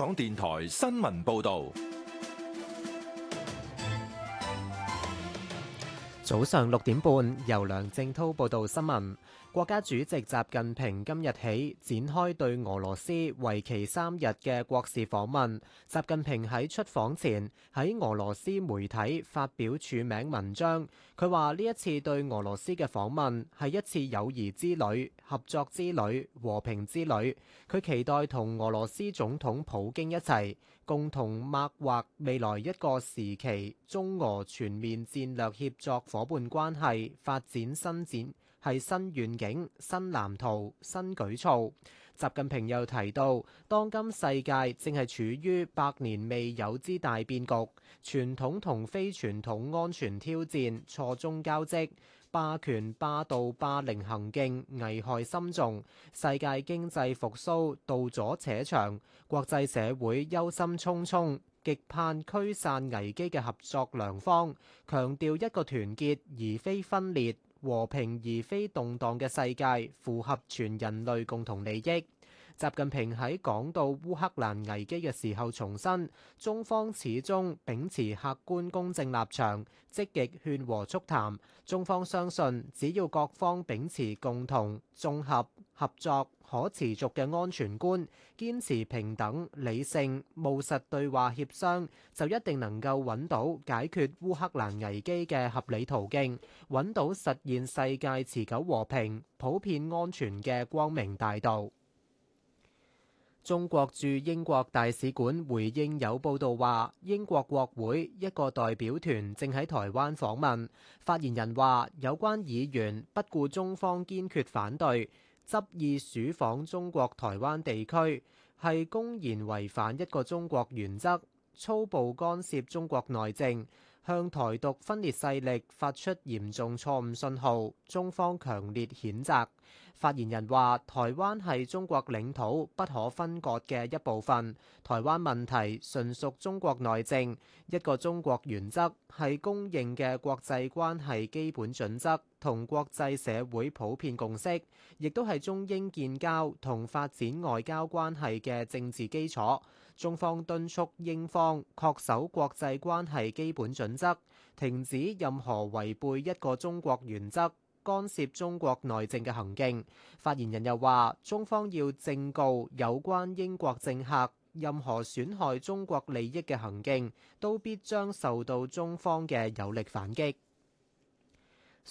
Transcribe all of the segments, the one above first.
香港電台新聞報道。早上六點半，由梁正滔報道新聞。國家主席習近平今日起展開對俄羅斯為期三日嘅國事訪問。習近平喺出訪前，喺俄羅斯媒體發表署名文章，佢話呢一次對俄羅斯嘅訪問係一次友誼之旅、合作之旅、和平之旅。佢期待同俄羅斯總統普京一齊。共同擘劃未來一個時期中俄全面戰略協作伙伴關係發展新展，係新願景、新藍圖、新舉措。習近平又提到，當今世界正係處於百年未有之大變局，傳統同非傳統安全挑戰錯綜交織。霸權、霸道、霸凌行徑危害深重，世界經濟復甦道阻且長，國際社會憂心忡忡，極盼驅散危機嘅合作良方，強調一個團結而非分裂、和平而非動盪嘅世界，符合全人類共同利益。習近平喺講到烏克蘭危機嘅時候重申，中方始終秉持客觀公正立場，積極勸和促談。中方相信，只要各方秉持共同、綜合、合作、可持續嘅安全觀，堅持平等、理性、務實對話協商，就一定能夠揾到解決烏克蘭危機嘅合理途徑，揾到實現世界持久和平、普遍安全嘅光明大道。中國駐英國大使館回應有報道話，英國國會一個代表團正喺台灣訪問。發言人話，有關議員不顧中方堅決反對，執意竄訪中國台灣地區，係公然違反一個中國原則，粗暴干涉中國內政，向台獨分裂勢力發出嚴重錯誤信號，中方強烈譴責。發言人話：台灣係中國領土，不可分割嘅一部分。台灣問題純屬中國內政。一個中國原則係公認嘅國際關係基本準則，同國際社會普遍共識，亦都係中英建交同發展外交關係嘅政治基礎。中方敦促英方確守國際關係基本準則，停止任何違背一個中國原則，干涉中國內政嘅行徑，發言人又話：中方要正告有關英國政客，任何損害中國利益嘅行徑，都必將受到中方嘅有力反擊。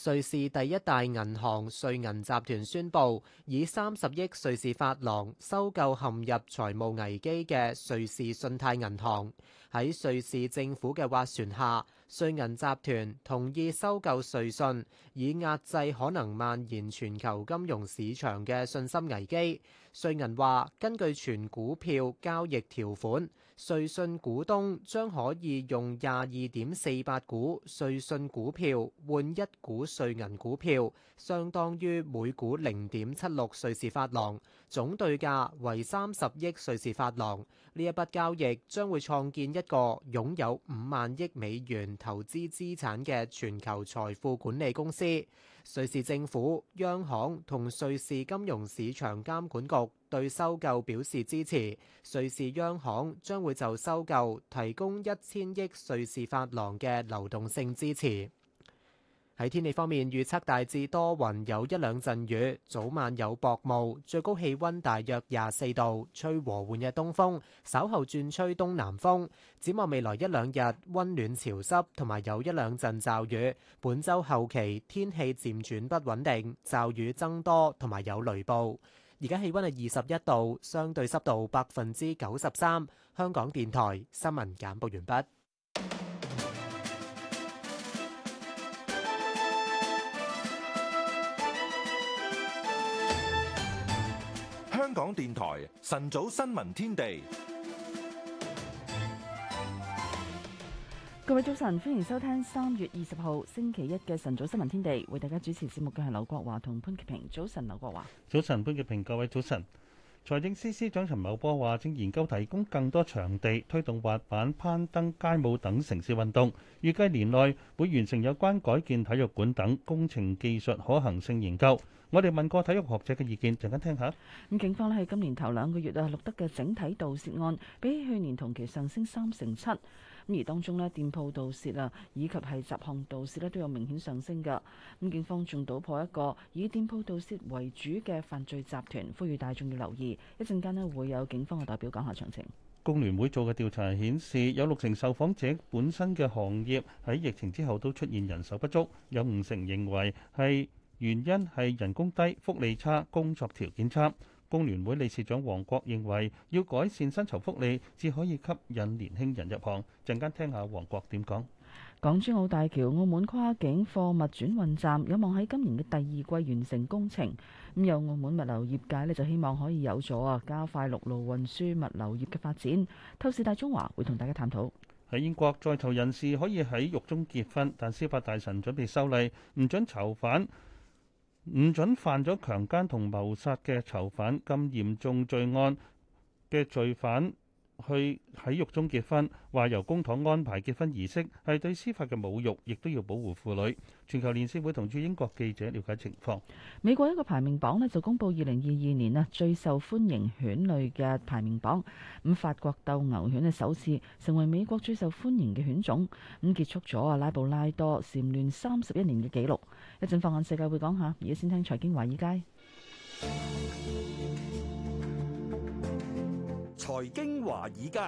瑞士第一大銀行瑞銀集團宣布，以三十億瑞士法郎收購陷入財務危機嘅瑞士信貸銀行，喺瑞士政府嘅斡旋下。瑞銀集團同意收購瑞信，以壓制可能蔓延全球金融市場嘅信心危機。瑞銀話，根據全股票交易條款。瑞信股東將可以用廿二點四八股瑞信股票換一股瑞銀股票，相當於每股零點七六瑞士法郎，總對價為三十億瑞士法郎。呢一筆交易將會創建一個擁有五萬億美元投資資產嘅全球財富管理公司。瑞士政府、央行同瑞士金融市場監管局對收購表示支持，瑞士央行將會就收購提供一千億瑞士法郎嘅流動性支持。喺天氣方面，預測大致多雲，有一兩陣雨，早晚有薄霧，最高氣温大約廿四度，吹和緩嘅東風，稍後轉吹東南風。展望未來一兩日，温暖潮濕，同埋有一兩陣驟雨。本周後期天氣漸轉不穩定，驟雨增多，同埋有雷暴。而家氣温係二十一度，相對濕度百分之九十三。香港電台新聞簡報完畢。香港電台晨早新聞天地，各位早晨，歡迎收聽三月二十號星期一嘅晨早新聞天地，為大家主持節目嘅係劉國華同潘潔平。早晨，劉國華，早晨，潘潔平，各位早晨。財政司司長陳茂波話，正研究提供更多場地推動滑板、攀登、街舞等城市運動，預計年內會完成有關改建體育館等工程技術可行性研究。我哋問過體育學者嘅意見，陣間聽下。咁警方咧喺今年頭兩個月啊，錄得嘅整體盜竊案比去年同期上升三成七。咁而當中呢，店鋪盜竊啊，以及係雜項盜竊咧，都有明顯上升嘅。咁警方仲搗破一個以店鋪盜竊為主嘅犯罪集團，呼籲大眾要留意。一陣間咧，會有警方嘅代表講下詳情。工聯會做嘅調查顯示，有六成受訪者本身嘅行業喺疫情之後都出現人手不足，有五成認為係，原因係人工低、福利差、工作條件差。工聯會理事長黃國認為，要改善薪酬福利，至可以吸引年輕人入行。陣間聽下黃國點講。港珠澳大橋、澳門跨境貨物轉運站有望喺今年嘅第二季完成工程。咁有澳門物流業界咧，就希望可以有助，加快陸路運輸物流業嘅發展。透視大中華會同大家探討喺英國，在囚人士可以喺獄中結婚，但司法大臣準備修例，唔准囚犯。唔准犯咗強姦同謀殺嘅囚犯，咁嚴重罪案嘅罪犯。去喺獄中結婚，話由公帑安排結婚儀式，係對司法嘅侮辱，亦都要保護婦女。全球連線會同駐英國記者了解情況。美國一個排名榜呢，就公布二零二二年啊最受歡迎犬類嘅排名榜。咁法國鬥牛犬嘅首次成為美國最受歡迎嘅犬種，咁結束咗啊拉布拉多蟬聯三十一年嘅紀錄。一陣放眼世界會講下，而家先聽財經華爾街。財經華爾街，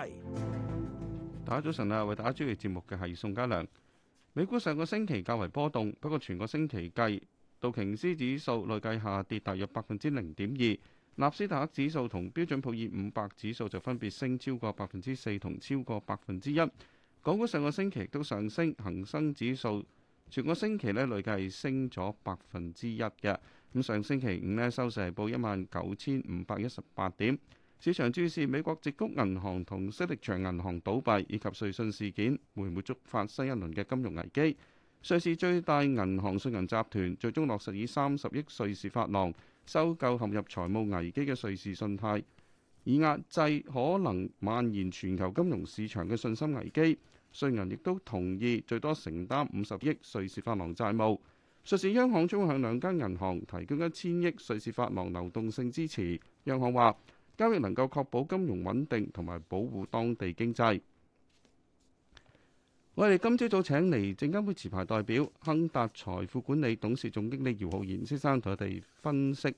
大家早晨啊！為大家主持節目嘅係宋家良。美股上個星期較為波動，不過全個星期計，道瓊斯指數累計下跌大約百分之零點二，納斯達克指數同標準普爾五百指數就分別升超過百分之四同超過百分之一。港股上個星期都上升，恒生指數全個星期呢累計升咗百分之一嘅。咁上星期五呢收市係報一萬九千五百一十八點。市場注視美國矽谷銀行同西力牆銀行倒閉，以及瑞信事件會唔會觸發新一輪嘅金融危機？瑞士最大銀行瑞銀集團最終落實以三十億瑞士法郎收購陷入財務危機嘅瑞士信貸，以壓制可能蔓延全球金融市場嘅信心危機。瑞銀亦都同意最多承擔五十億瑞士法郎債務。瑞士央行將向兩間銀行提供一千億瑞士法郎流動性支持。央行話：交易能夠確保金融穩定同埋保護當地經濟。我哋今朝早請嚟證監會持牌代表亨達財富管理董事總經理姚浩然先生同我哋分析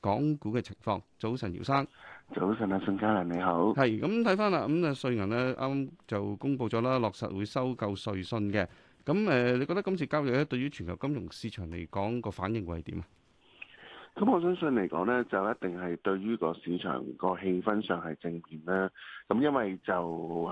港股嘅情況。早晨，姚生。早晨啊，宋嘉良，你好。係咁睇翻啦，咁啊，瑞銀咧啱啱就公布咗啦，落實會收購瑞信嘅。咁誒，你覺得今次交易咧對於全球金融市場嚟講個反應會係點啊？咁我相信嚟講咧，就一定係對於個市場個氣氛上係正面啦。咁因為就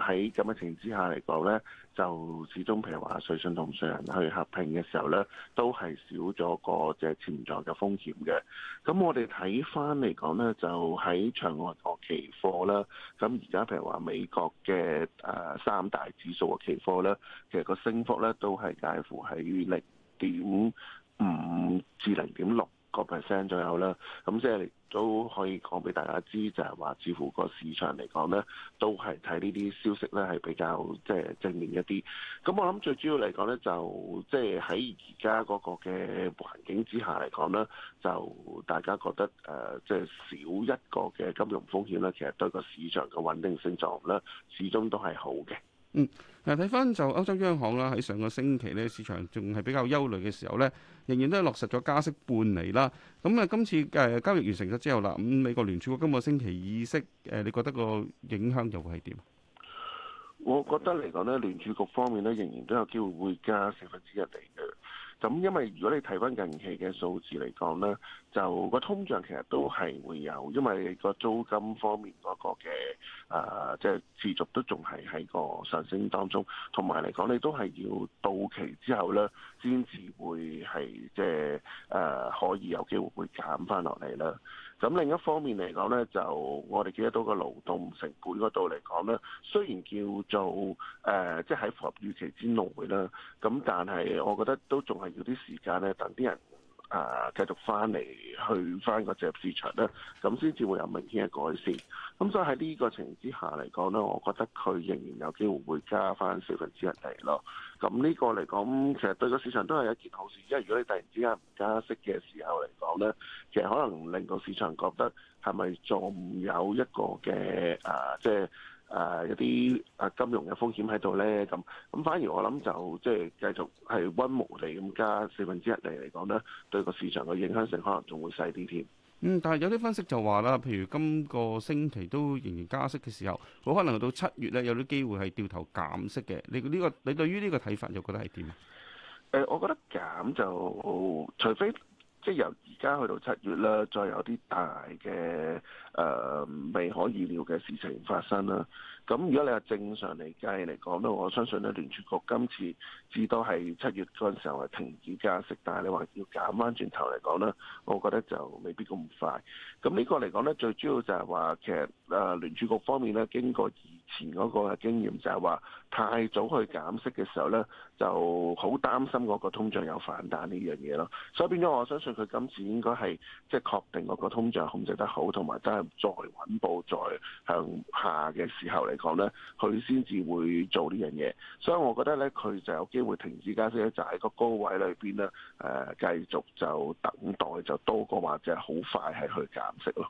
喺咁嘅情之下嚟講咧，就始終譬如話，瑞信同唔少人去合併嘅時候咧，都係少咗個即係潛在嘅風險嘅。咁我哋睇翻嚟講咧，就喺場外個期貨啦。咁而家譬如話美國嘅誒、呃、三大指數嘅期貨咧，其實個升幅咧都係介乎係零點五至零點六。個 percent 左右啦，咁即係都可以講俾大家知，就係話，似乎個市場嚟講咧，都係睇呢啲消息咧，係比較即係正面一啲。咁我諗最主要嚟講咧，就即係喺而家嗰個嘅環境之下嚟講咧，就大家覺得誒，即係少一個嘅金融風險咧，其實對個市場嘅穩定性狀況咧，始終都係好嘅。嗯。誒睇翻就歐洲央行啦，喺上個星期咧，市場仲係比較憂慮嘅時候咧，仍然都係落實咗加息半釐啦。咁啊，今次誒交易完成咗之後啦，咁美國聯儲局今個星期議息誒，你覺得個影響又會係點？我覺得嚟講咧，聯儲局方面咧，仍然都有機會會加四分之一釐嘅。咁因為如果你睇翻近期嘅數字嚟講咧，就個通脹其實都係會有，因為個租金方面嗰個嘅誒即係持續都仲係喺個上升當中，同埋嚟講，你都係要到期之後咧，先至會係即係誒可以有機會會減翻落嚟啦。咁另一方面嚟講咧，就我哋記得到個勞動成本嗰度嚟講咧，雖然叫做誒、呃，即係喺符合預期之內啦。咁但係我覺得都仲係要啲時間咧，等啲人啊繼、呃、續翻嚟去翻個進入市場啦，咁先至會有明顯嘅改善。咁、嗯、所以喺呢個情形之下嚟講咧，我覺得佢仍然有機會會加翻四分之一釐咯。咁呢個嚟講，其實對個市場都係一件好事，因為如果你突然之間唔加息嘅時候嚟講咧，其實可能令個市場覺得係咪仲有一個嘅啊，即係啊一啲啊金融嘅風險喺度咧？咁咁反而我諗就即係、就是、繼續係温木嚟咁加四分之一釐嚟講咧，對個市場嘅影響性可能仲會細啲添。嗯，但係有啲分析就話啦，譬如今個星期都仍然加息嘅時候，好可能到七月咧有啲機會係掉頭減息嘅。你呢、呢個你對於呢個睇法又覺得係點啊？誒、呃，我覺得減就好除非，即係由而家去到七月啦，再有啲大嘅誒、呃、未可預料嘅事情發生啦。咁如果你話正常嚟計嚟講咧，我相信咧聯儲局，今次至多係七月嗰陣時候係停止加息，但係你話要減翻轉頭嚟講咧，我覺得就未必咁快。咁、嗯，這個、呢個嚟講咧，最主要就係話其實誒、呃、聯儲局方面咧，經過。前嗰個經驗就係話太早去減息嘅時候咧，就好擔心嗰個通脹有反彈呢樣嘢咯。所以變咗我相信佢今次應該係即係確定嗰個通脹控制得好，同埋真係再穩步再向下嘅時候嚟講咧，佢先至會做呢樣嘢。所以我覺得咧，佢就有機會停止加息咧，就喺個高位裏邊咧，誒、呃、繼續就等待就多個，或者好快係去減息咯。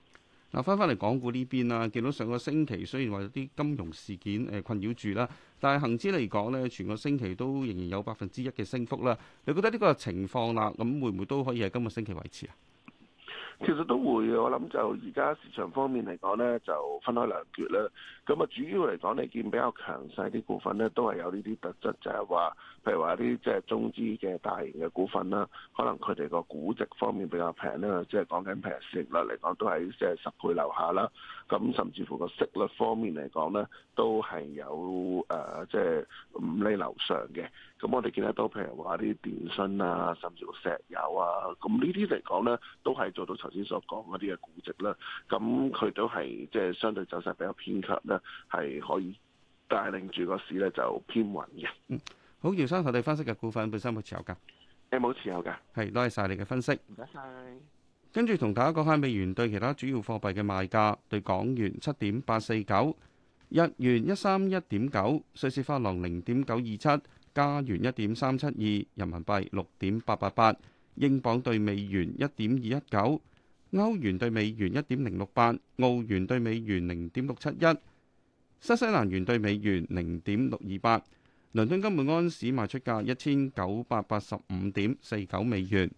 嗱，翻翻嚟港股呢邊啦，見到上個星期雖然話有啲金融事件誒困擾住啦，但係恒指嚟講呢，全個星期都仍然有百分之一嘅升幅啦。你覺得呢個情況啦，咁會唔會都可以喺今個星期維持啊？其實都會，我諗就而家市場方面嚟講呢，就分開兩橛啦。咁啊，主要嚟講，你見比較強勢啲股份咧，都係有呢啲特質，就係話，譬如話啲即係中資嘅大型嘅股份啦，可能佢哋個估值方面比較平啦，即係講緊平息率嚟講，都係即係十倍樓下啦。咁甚至乎個息率方面嚟講咧，都係有誒，即係五厘樓上嘅。咁我哋見得到，譬如話啲電信啊，甚至乎石油啊，咁呢啲嚟講咧，都係做到頭先所講嗰啲嘅估值啦。咁佢都係即係相對走勢比較偏強啦。係可以帶領住個市咧，就偏穩嘅。嗯，好，姚生頭你分析嘅股份本身冇持有噶，你冇持有噶，係多謝晒你嘅分析。唔該晒。跟住同大家講下美元對其他主要貨幣嘅賣價：對港元七點八四九，日元一三一點九，瑞士法郎零點九二七，加元一點三七二，人民幣六點八八八，英鎊對美元一點二一九，歐元對美元一點零六八，澳元對美元零點六七一。新西蘭元對美元零點六二八，倫敦金每安士賣出價一千九百八十五點四九美元。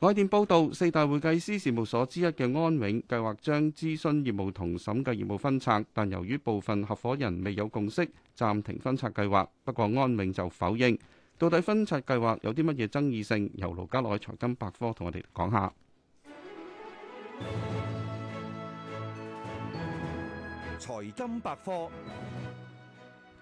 外電報道，四大會計師事務所之一嘅安永計劃將諮詢業務同審計業務分拆，但由於部分合伙人未有共識，暫停分拆計劃。不過安永就否認，到底分拆計劃有啲乜嘢爭議性？由盧家內財金百科同我哋講下。財金百科，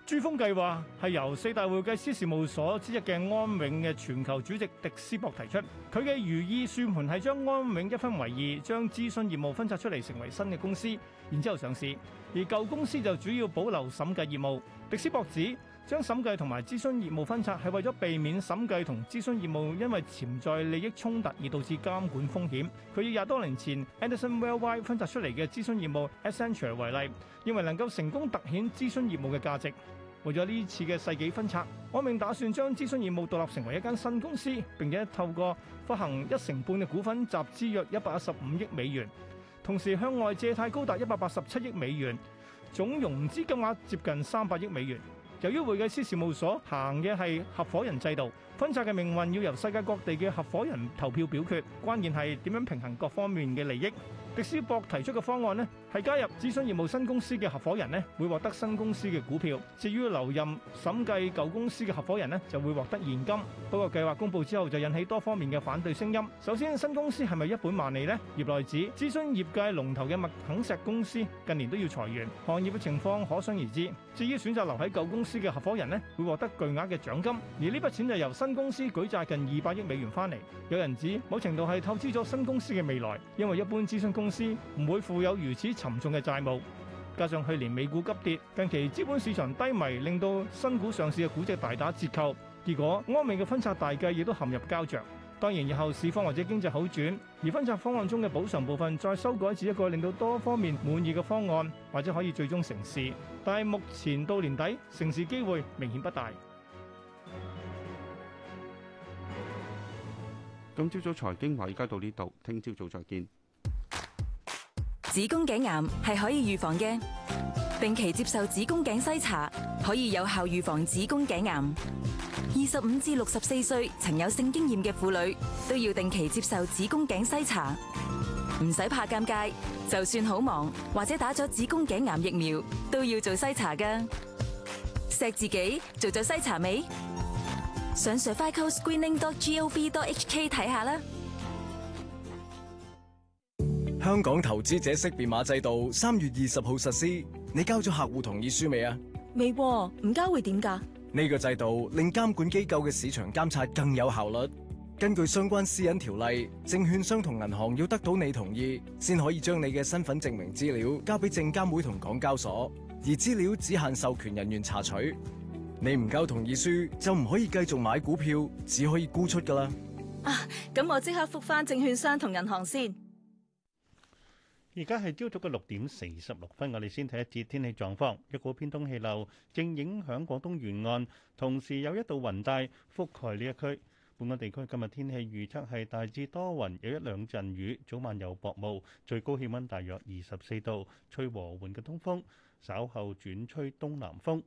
珠峰計劃係由四大會計師事務所之一嘅安永嘅全球主席迪斯博提出，佢嘅如意算盤係將安永一分為二，將諮詢業務分拆出嚟，成為新嘅公司，然之後上市，而舊公司就主要保留審計業務。迪斯博指，將審計同埋諮詢業務分拆係為咗避免審計同諮詢業務因為潛在利益衝突而導致監管風險。佢以廿多年前 Anderson Well Y 分拆出嚟嘅諮詢業務 Accenture 為例，認為能夠成功突顯諮詢業務嘅價值。為咗呢次嘅世紀分拆，安永打算將諮詢業務獨立成為一間新公司，並且透過發行一成半嘅股份集資約一百一十五億美元，同時向外借貸高達一百八十七億美元，總融資金額接近三百億美元。由於會計師事務所行嘅係合伙人制度，分拆嘅命運要由世界各地嘅合伙人投票表決，關鍵係點樣平衡各方面嘅利益。迪斯博提出嘅方案呢，係加入諮詢業務新公司嘅合夥人呢，會獲得新公司嘅股票；至於留任審計舊公司嘅合夥人呢，就會獲得現金。不過計劃公佈之後就引起多方面嘅反對聲音。首先，新公司係咪一本萬利呢？業內指諮詢業界龍頭嘅麥肯錫公司近年都要裁員，行業嘅情況可想而知。至於選擇留喺舊公司嘅合夥人呢，會獲得巨額嘅獎金，而呢筆錢就由新公司舉債近二百億美元翻嚟。有人指某程度係透支咗新公司嘅未來，因為一般諮詢公司公司唔會負有如此沉重嘅債務，加上去年美股急跌，近期資本市場低迷，令到新股上市嘅估值大打折扣。結果，安美嘅分拆大計亦都陷入膠着。當然以，日後市況或者經濟好轉，而分拆方案中嘅補償部分再修改，至一個令到多方面滿意嘅方案，或者可以最終成事。但係目前到年底，成事機會明顯不大。今朝早財經話，而家到呢度，聽朝早，上早上再見。子宮頸癌係可以預防嘅，定期接受子宮頸篩查可以有效預防子宮頸癌。二十五至六十四歲曾有性經驗嘅婦女都要定期接受子宮頸篩查，唔使怕尷尬。就算好忙或者打咗子宮頸癌疫苗，都要做篩查㗎。錫自己做咗篩查未？上上 cervicalscreening.gov.hk dot dot 睇下啦。香港投資者識別碼制度三月二十號實施，你交咗客戶同意書未啊？未，唔交會點噶？呢個制度令監管機構嘅市場監察更有效率。根據相關私隱條例，證券商同銀行要得到你同意，先可以將你嘅身份證明資料交俾證監會同港交所，而資料只限授權人員查取。你唔交同意書，就唔可以繼續買股票，只可以沽出噶啦。啊，咁我即刻複返證券商同銀行先。而家係朝早嘅六點四十六分，我哋先睇一節天氣狀況。一股偏東氣流正影響廣東沿岸，同時有一道雲帶覆蓋呢一區。本港地區今日天氣預測係大致多雲，有一兩陣雨，早晚有薄霧，最高氣温大約二十四度，吹和緩嘅東風，稍後轉吹東南風。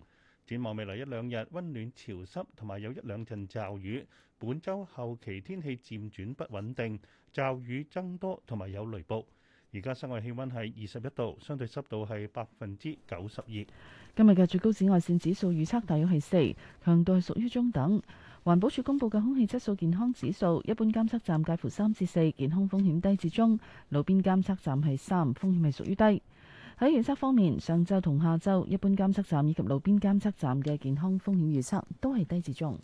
展望未來一兩日，温暖潮濕，同埋有一兩陣驟雨。本週後期天氣漸轉不穩定，驟雨增多，同埋有雷暴。而家室外氣溫係二十一度，相對濕度係百分之九十二。今日嘅最高紫外線指數預測大約係四，強度係屬於中等。環保署公布嘅空氣質素健康指數，一般監測站介乎三至四，健康風險低至中；路邊監測站係三，風險係屬於低。喺預測方面，上晝同下晝一般監測站以及路邊監測站嘅健康風險預測都係低至中。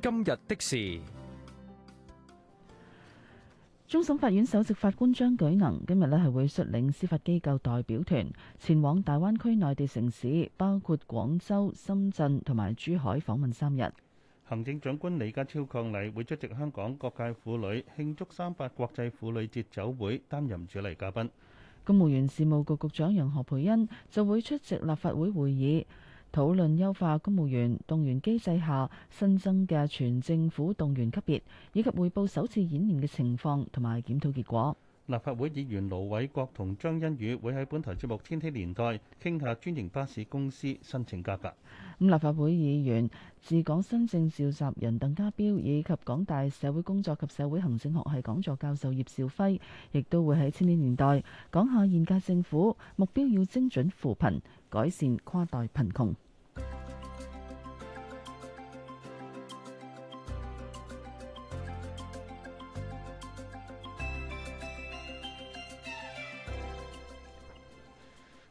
今日的事。終審法院首席法官張舉能今日呢係會率領司法機構代表團前往大灣區內地城市，包括廣州、深圳同埋珠海訪問三日。行政長官李家超抗禮會出席香港各界婦女慶祝三八國際婦女節酒會，擔任主禮嘉賓。公務員事務局局，局長楊何蓓茵就會出席立法會會議。討論優化公務員動員機制下新增嘅全政府動員級別，以及匯報首次演練嘅情況同埋檢討結果。立法會議員盧偉國同張欣宇會喺本台節目《千禧年代》傾下專營巴士公司申請加價。咁立法會議員、治港新政召集人鄧家彪以及港大社會工作及社會行政學系講座教授葉兆輝，亦都會喺千年年代講下現屆政府目標要精準扶貧，改善跨代貧窮。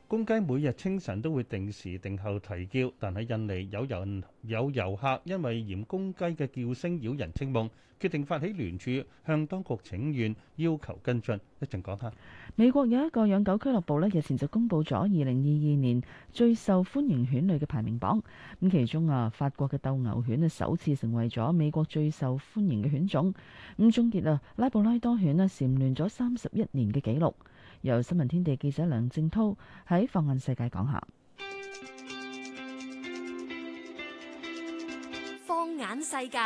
公雞每日清晨都會定時定候啼叫，但係印尼有人有遊客因為嫌公雞嘅叫聲擾人清夢，決定發起聯署向當局請願，要求跟進。講一陣講下，美國有一個養狗俱樂部呢日前就公布咗二零二二年最受歡迎犬類嘅排名榜。咁其中啊，法國嘅鬥牛犬啊，首次成為咗美國最受歡迎嘅犬種。咁終結啊，拉布拉多犬啊，蟬聯咗三十一年嘅紀錄。由新聞天地記者梁正濤喺放眼世界講下。放眼世界，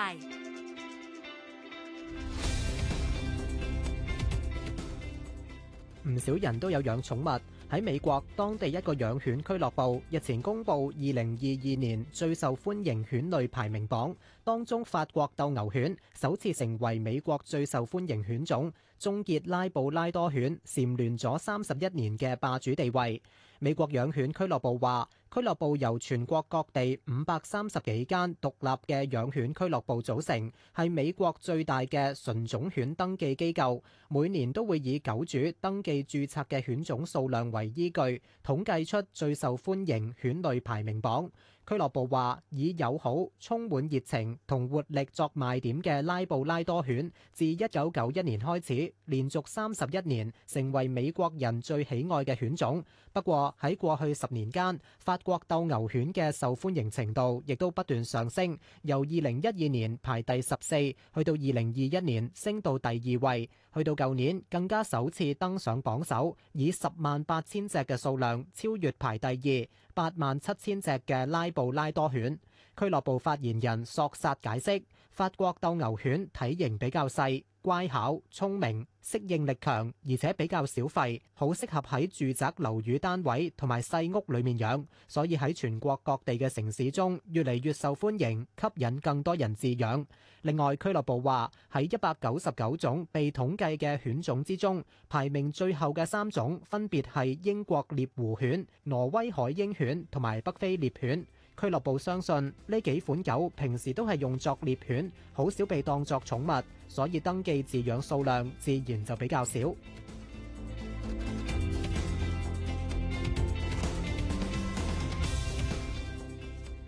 唔少人都有養寵物。喺美國，當地一個養犬俱樂部日前公布二零二二年最受歡迎犬類排名榜，當中法國鬥牛犬首次成為美國最受歡迎犬種。終結拉布拉多犬蟬聯咗三十一年嘅霸主地位。美國養犬俱樂部話，俱樂部由全國各地五百三十幾間獨立嘅養犬俱樂部組成，係美國最大嘅純種犬登記機構，每年都會以狗主登記註冊嘅犬種數量為依據，統計出最受歡迎犬類排名榜。俱樂部話，以友好、充滿熱情同活力作賣點嘅拉布拉多犬，自一九九一年開始，連續三十一年成為美國人最喜愛嘅犬種。不過喺過去十年間，法國鬥牛犬嘅受歡迎程度亦都不斷上升，由二零一二年排第十四，去到二零二一年升到第二位，去到舊年更加首次登上榜首，以十萬八千隻嘅數量超越排第二，八萬七千隻嘅拉布拉多犬。俱樂部發言人索薩解釋，法國鬥牛犬體型比較細。乖巧、聰明、適應力強，而且比較少吠，好適合喺住宅樓宇單位同埋細屋裡面養，所以喺全國各地嘅城市中越嚟越受歡迎，吸引更多人飼養。另外，俱樂部話喺一百九十九種被統計嘅犬種之中，排名最後嘅三種分別係英國獵狐犬、挪威海鷹犬同埋北非獵犬。俱樂部相信呢幾款狗平時都係用作獵犬，好少被當作寵物，所以登記飼養數量自然就比較少。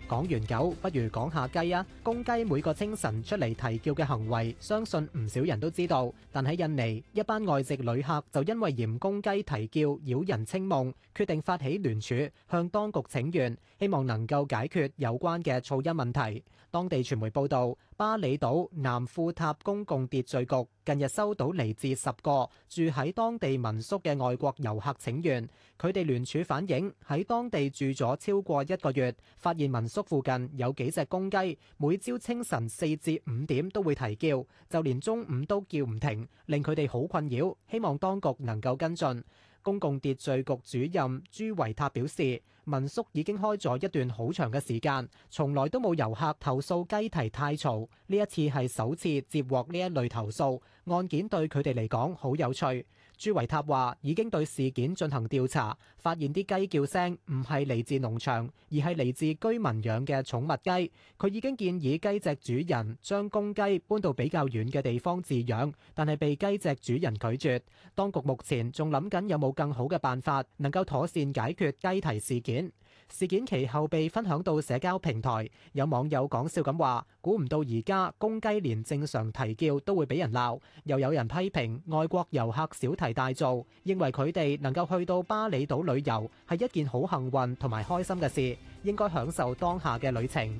講完狗，不如講下雞啊！公雞每個清晨出嚟啼叫嘅行為，相信唔少人都知道。但喺印尼，一班外籍旅客就因為嫌公雞啼叫擾人清夢，決定發起聯署，向當局請願，希望能夠解決有關嘅噪音問題。當地傳媒報道，巴厘島南富塔公共秩序局近日收到嚟自十個住喺當地民宿嘅外國遊客請願，佢哋聯署反映喺當地住咗超過一個月，發現民宿附近有幾隻公雞，每朝清晨四至五點都會啼叫，就連中午都叫唔停，令佢哋好困擾，希望當局能夠跟進。公共秩序局主任朱維塔表示，民宿已經開咗一段好長嘅時間，從來都冇遊客投訴雞啼太嘈，呢一次係首次接獲呢一類投訴，案件對佢哋嚟講好有趣。朱維塔話：已經對事件進行調查，發現啲雞叫聲唔係嚟自農場，而係嚟自居民養嘅寵物雞。佢已經建議雞隻主人將公雞搬到比較遠嘅地方飼養，但係被雞隻主人拒絕。當局目前仲諗緊有冇更好嘅辦法，能夠妥善解決雞啼事件。事件其後被分享到社交平台，有網友講笑咁話：估唔到而家公雞連正常啼叫都會俾人鬧。又有人批評外國遊客小題大做，認為佢哋能夠去到巴厘島旅遊係一件好幸運同埋開心嘅事，應該享受當下嘅旅程。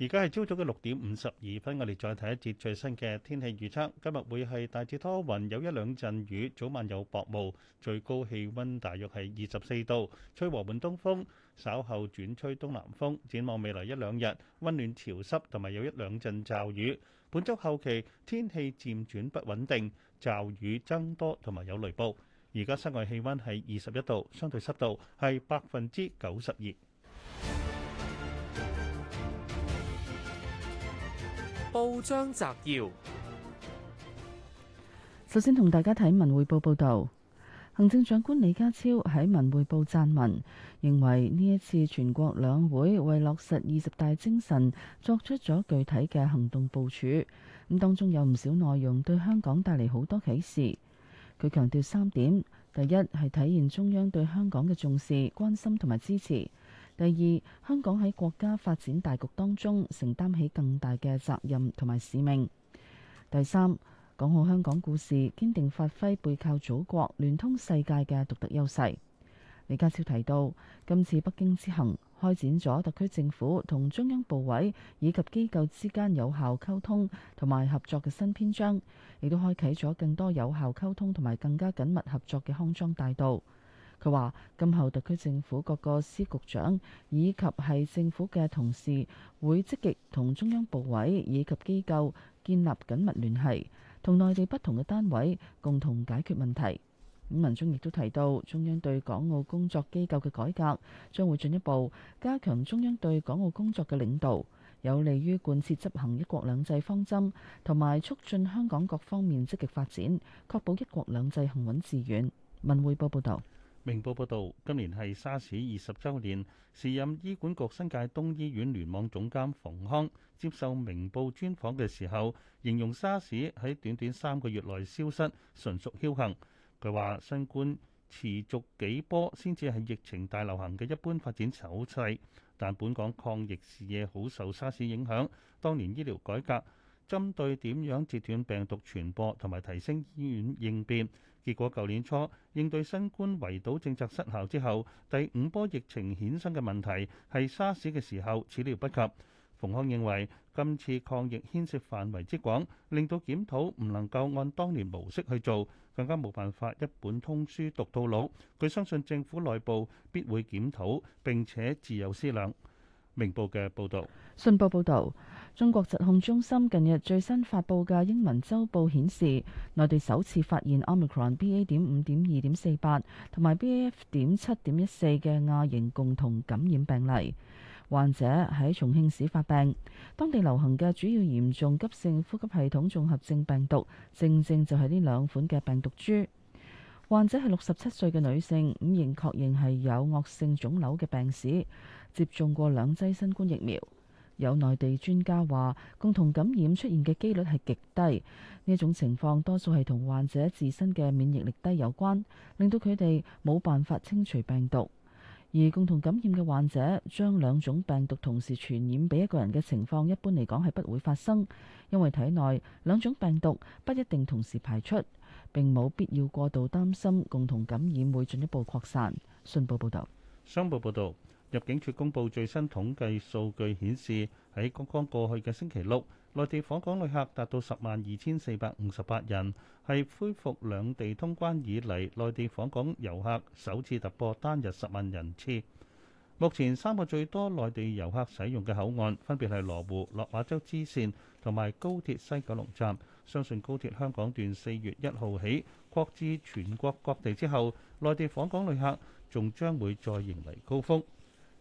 而家係朝早嘅六點五十二分，我哋再睇一節最新嘅天氣預測。今日會係大致多雲，有一兩陣雨，早晚有薄霧，最高氣溫大約係二十四度，吹和緩東風，稍後轉吹東南風。展望未來一兩日，溫暖潮濕同埋有一兩陣驟雨。本周後期天氣漸轉不穩定，驟雨增多同埋有雷暴。而家室外氣溫係二十一度，相對濕度係百分之九十二。報章摘要。首先同大家睇文匯報報道，行政長官李家超喺文匯報撰文，認為呢一次全國兩會為落實二十大精神作出咗具體嘅行動部署，咁當中有唔少內容對香港帶嚟好多啟示。佢強調三點：第一，係體現中央對香港嘅重視、關心同埋支持。第二，香港喺國家發展大局當中，承擔起更大嘅責任同埋使命。第三，講好香港故事，堅定發揮背靠祖國、聯通世界嘅獨特優勢。李家超提到，今次北京之行，開展咗特區政府同中央部委以及機構之間有效溝通同埋合作嘅新篇章，亦都開啟咗更多有效溝通同埋更加緊密合作嘅康莊大道。佢話：今後特區政府各個司局長以及係政府嘅同事會積極同中央部委以及機構建立緊密聯繫，同內地不同嘅單位共同解決問題。咁文中亦都提到，中央對港澳工作機構嘅改革將會進一步加強中央對港澳工作嘅領導，有利於貫徹執行一國兩制方針，同埋促進香港各方面積極發展，確保一國兩制行穩致遠。文匯報報導。明報報導，今年係沙士二十週年，時任醫管局新界東醫院聯網總監馮康接受明報專訪嘅時候，形容沙士喺短短三個月內消失，純屬僥倖。佢話：新冠持續幾波先至係疫情大流行嘅一般發展手勢，但本港抗疫事業好受沙士影響。當年醫療改革針對點樣截斷病毒傳播同埋提升醫院應變。結果，舊年初應對新冠圍堵政策失效之後，第五波疫情衍生嘅問題係沙士嘅時候始料不及。馮康認為，今次抗疫牽涉範圍之廣，令到檢討唔能夠按當年模式去做，更加冇辦法一本通書讀到老。佢相信政府內部必會檢討並且自有思量。明報嘅報導，信報報導。中國疾控中心近日最新發布嘅英文周報顯示，內地首次發現 omicron BA. 點五點二點四八同埋 BF 點七點一四嘅亞型共同感染病例，患者喺重慶市發病，當地流行嘅主要嚴重急性呼吸系統綜合症病毒正正就係呢兩款嘅病毒株。患者係六十七歲嘅女性，五型確認係有惡性腫瘤嘅病史，接種過兩劑新冠疫苗。有內地專家話，共同感染出現嘅機率係極低，呢一種情況多數係同患者自身嘅免疫力低有關，令到佢哋冇辦法清除病毒。而共同感染嘅患者將兩種病毒同時傳染俾一個人嘅情況，一般嚟講係不會發生，因為體內兩種病毒不一定同時排出，並冇必要過度擔心共同感染會進一步擴散。信報報道，商報報道。入境處公布最新統計數據顯示，喺剛剛過去嘅星期六，內地訪港旅客達到十萬二千四百五十八人，係恢復兩地通關以嚟內地訪港遊客首次突破單日十萬人次。目前三個最多內地遊客使用嘅口岸分別係羅湖、落馬洲支線同埋高鐵西九龍站。相信高鐵香港段四月一號起擴至全國各地之後，內地訪港旅客仲將會再迎嚟高峰。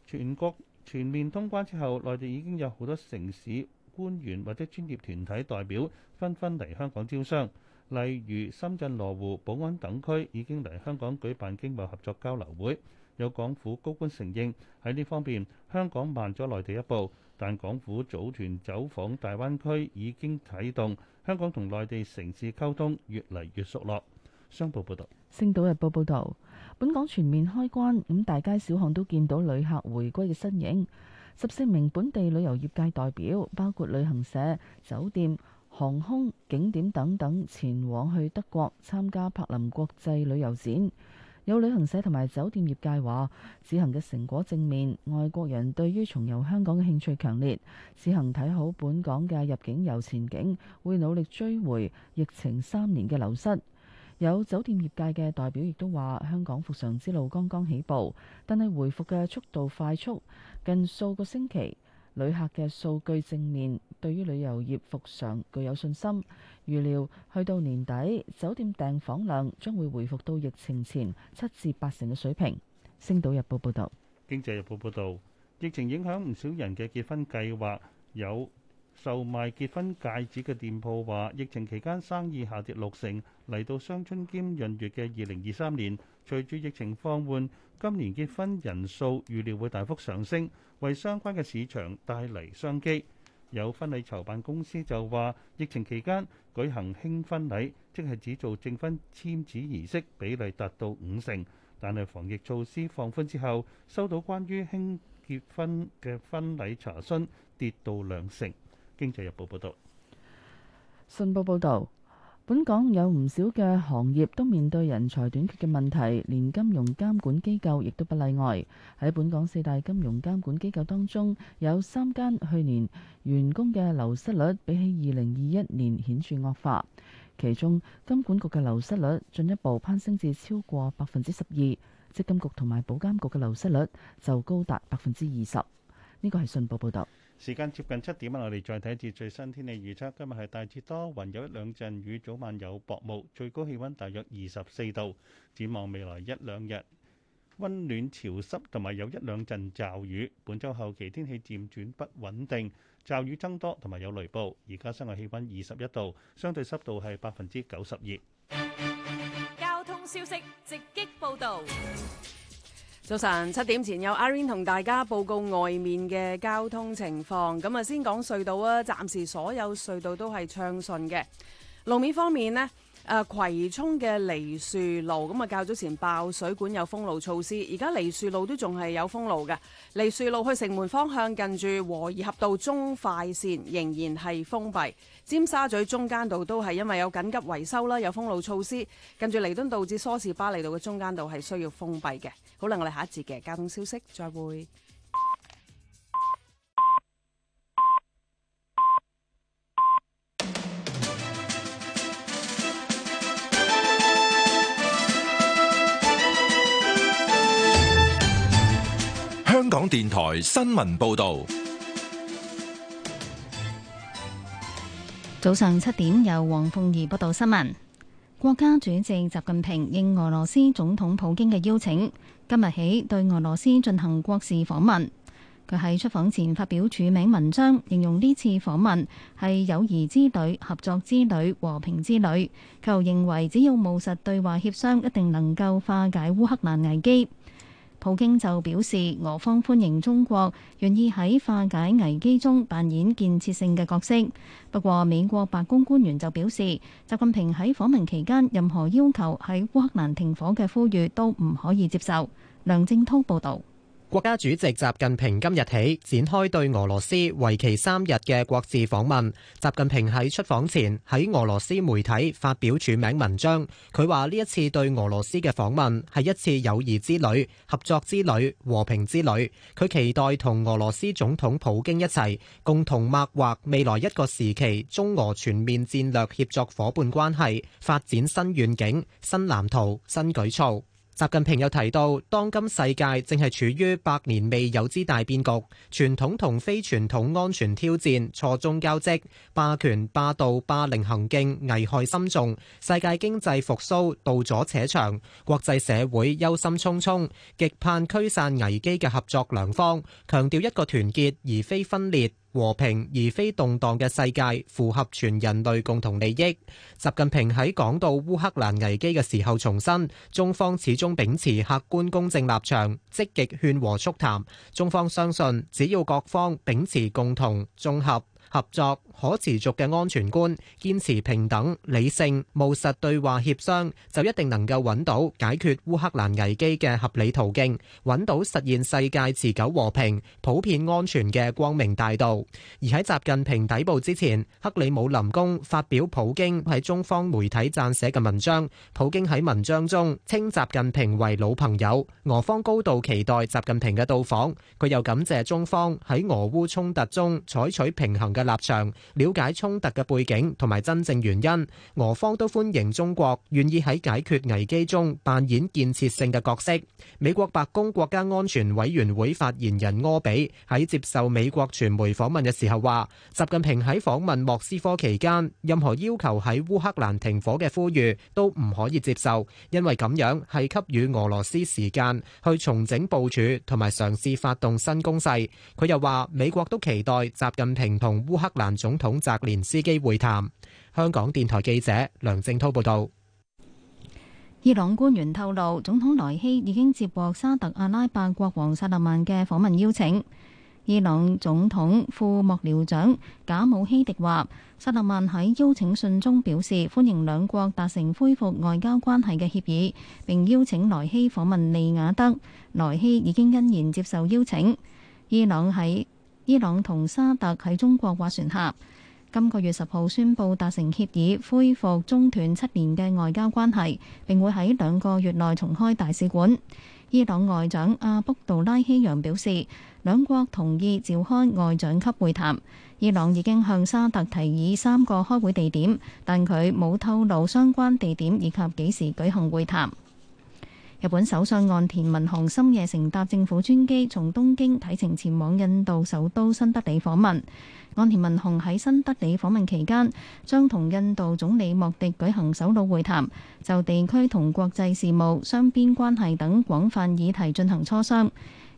全國全面通關之後，內地已經有好多城市官員或者專業團體代表，紛紛嚟香港招商。例如深圳羅湖、寶安等區已經嚟香港舉辦經貿合作交流會。有港府高官承認喺呢方面香港慢咗內地一步，但港府組團走訪大灣區已經啟動，香港同內地城市溝通越嚟越熟絡。商報報導，《星島日報》報導。本港全面開關，咁大街小巷都見到旅客回歸嘅身影。十四名本地旅遊業界代表，包括旅行社、酒店、航空、景點等等，前往去德國參加柏林國際旅遊展。有旅行社同埋酒店業界話，此行嘅成果正面，外國人對於重遊香港嘅興趣強烈。此行睇好本港嘅入境遊前景，會努力追回疫情三年嘅流失。有酒店業界嘅代表亦都話：香港復常之路剛剛起步，但係回復嘅速度快速，近數個星期旅客嘅數據正面，對於旅遊業復常具有信心。預料去到年底，酒店訂房量將會回復到疫情前七至八成嘅水平。星島日報報導。經濟日報報導，疫情影響唔少人嘅結婚計劃，有。售賣結婚戒指嘅店鋪話：疫情期間生意下跌六成，嚟到雙春兼閏月嘅二零二三年，隨住疫情放緩，今年結婚人數預料會大幅上升，為相關嘅市場帶嚟商機。有婚禮籌辦公司就話：疫情期間舉行輕婚禮，即係只做證婚簽紙儀式，比例達到五成，但係防疫措施放寬之後，收到關於輕結婚嘅婚禮查詢跌到兩成。經濟日報報導，信報報導，本港有唔少嘅行業都面對人才短缺嘅問題，連金融監管機構亦都不例外。喺本港四大金融監管機構當中，有三間去年員工嘅流失率比起二零二一年顯著惡化，其中金管局嘅流失率進一步攀升至超過百分之十二，積金局同埋保監局嘅流失率就高達百分之二十。呢、這個係信報報導。時間接近七點啊，我哋再睇一次最新天氣預測。今日係大致多雲，有一兩陣雨，早晚有薄霧，最高氣溫大約二十四度。展望未來一兩日，溫暖潮濕，同埋有一兩陣驟雨。本週後期天氣漸轉不穩定，驟雨增多，同埋有雷暴。而家室外氣溫二十一度，相對濕度係百分之九十二。交通消息，直擊報道。早晨，七點前有阿 Rain 同大家報告外面嘅交通情況。咁啊，先講隧道啊，暫時所有隧道都係暢順嘅。路面方面呢，誒葵涌嘅梨樹路咁啊，較早前爆水管有封路措施，而家梨樹路都仲係有封路嘅。梨樹路去城門方向近住和宜合道中快線仍然係封閉。尖沙咀中間道都係因為有緊急維修啦，有封路措施。近住彌敦道至梳士巴利道嘅中間道係需要封閉嘅。好啦，我哋下一次嘅交通消息再會。香港電台新聞報道，早上七點，由黃鳳儀報道新聞。國家主席習近平應俄羅斯總統普京嘅邀請，今日起對俄羅斯進行國事訪問。佢喺出訪前發表署名文章，形容呢次訪問係友誼之旅、合作之旅、和平之旅。佢又認為，只要務實對話協商，一定能夠化解烏克蘭危機。普京就表示，俄方歡迎中國願意喺化解危機中扮演建設性嘅角色。不過，美國白宮官員就表示，習近平喺訪問期間任何要求喺烏克蘭停火嘅呼籲都唔可以接受。梁正濤報道。國家主席習近平今日起展開對俄羅斯為期三日嘅國事訪問。習近平喺出訪前喺俄羅斯媒體發表署名文章，佢話呢一次對俄羅斯嘅訪問係一次友誼之旅、合作之旅、和平之旅。佢期待同俄羅斯總統普京一齊共同擘劃未來一個時期中俄全面戰略協作夥伴關係，發展新願景、新藍圖、新舉措。習近平又提到，當今世界正係處於百年未有之大變局，傳統同非傳統安全挑戰錯綜交織，霸權、霸道、霸凌行徑危害深重，世界經濟復甦道阻且長，國際社會憂心忡忡，極盼驅散危機嘅合作良方，強調一個團結而非分裂，和平而非動盪嘅世界符合全人類共同利益。習近平喺講到烏克蘭危機嘅時候重申，中方始終秉持客觀公正立場，積極勸和促談。中方相信，只要各方秉持共同、綜合、合作。可持續嘅安全觀，堅持平等、理性、務實對話協商，就一定能夠揾到解決烏克蘭危機嘅合理途徑，揾到實現世界持久和平、普遍安全嘅光明大道。而喺習近平抵步之前，克里姆林宮發表普京喺中方媒體撰寫嘅文章，普京喺文章中稱習近平為老朋友，俄方高度期待習近平嘅到訪。佢又感謝中方喺俄烏衝突中採取平衡嘅立場。了解衝突嘅背景同埋真正原因，俄方都歡迎中國願意喺解決危機中扮演建設性嘅角色。美國白宮國家安全委員會發言人柯比喺接受美國傳媒訪問嘅時候話習近平喺訪問莫斯科期間，任何要求喺烏克蘭停火嘅呼籲都唔可以接受，因為咁樣係給予俄羅斯時間去重整部署同埋嘗試發動新攻勢，佢又話美國都期待習近平同烏克蘭總。統澤連斯基會談。香港電台記者梁正濤報道。伊朗官員透露，總統萊希已經接獲沙特阿拉伯國王薩勒曼嘅訪問邀請。伊朗總統庫莫廖長賈姆希迪話，薩勒曼喺邀請信中表示歡迎兩國達成恢復外交關係嘅協議，並邀請萊希訪問利雅德。萊希已經欣然接受邀請。伊朗喺伊朗同沙特喺中國斡旋下，今個月十號宣布達成協議，恢復中斷七年嘅外交關係，並會喺兩個月內重開大使館。伊朗外長阿卜杜拉希揚表示，兩國同意召開外長級會談。伊朗已經向沙特提議三個開會地點，但佢冇透露相關地點以及幾時舉行會談。日本首相岸田文雄深夜乘搭政府專機從東京啟程前往印度首都新德里訪問。岸田文雄喺新德里訪問期間，將同印度總理莫迪舉行首腦會談，就地區同國際事務、雙邊關係等廣泛議題進行磋商。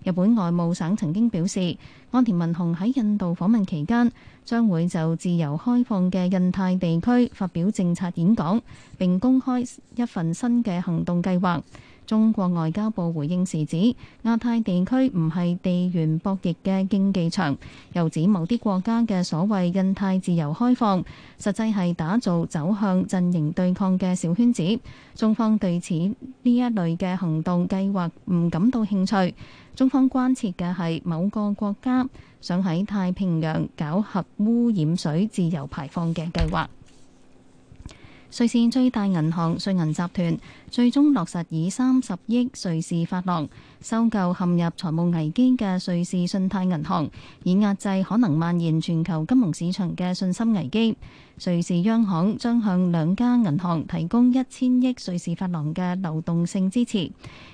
日本外務省曾經表示，岸田文雄喺印度訪問期間將會就自由開放嘅印太地區發表政策演講，並公開一份新嘅行動計劃。中國外交部回應時指，亞太地區唔係地緣博弈嘅競技場，又指某啲國家嘅所謂印太自由開放，實際係打造走向陣營對抗嘅小圈子。中方對此呢一類嘅行動計劃唔感到興趣。中方關切嘅係某個國家想喺太平洋搞核污染水自由排放嘅計劃。瑞士最大銀行瑞銀集團最終落實以三十億瑞士法郎收購陷入財務危機嘅瑞士信貸銀行，以壓制可能蔓延全球金融市場嘅信心危機。瑞士央行將向兩家銀行提供一千億瑞士法郎嘅流動性支持。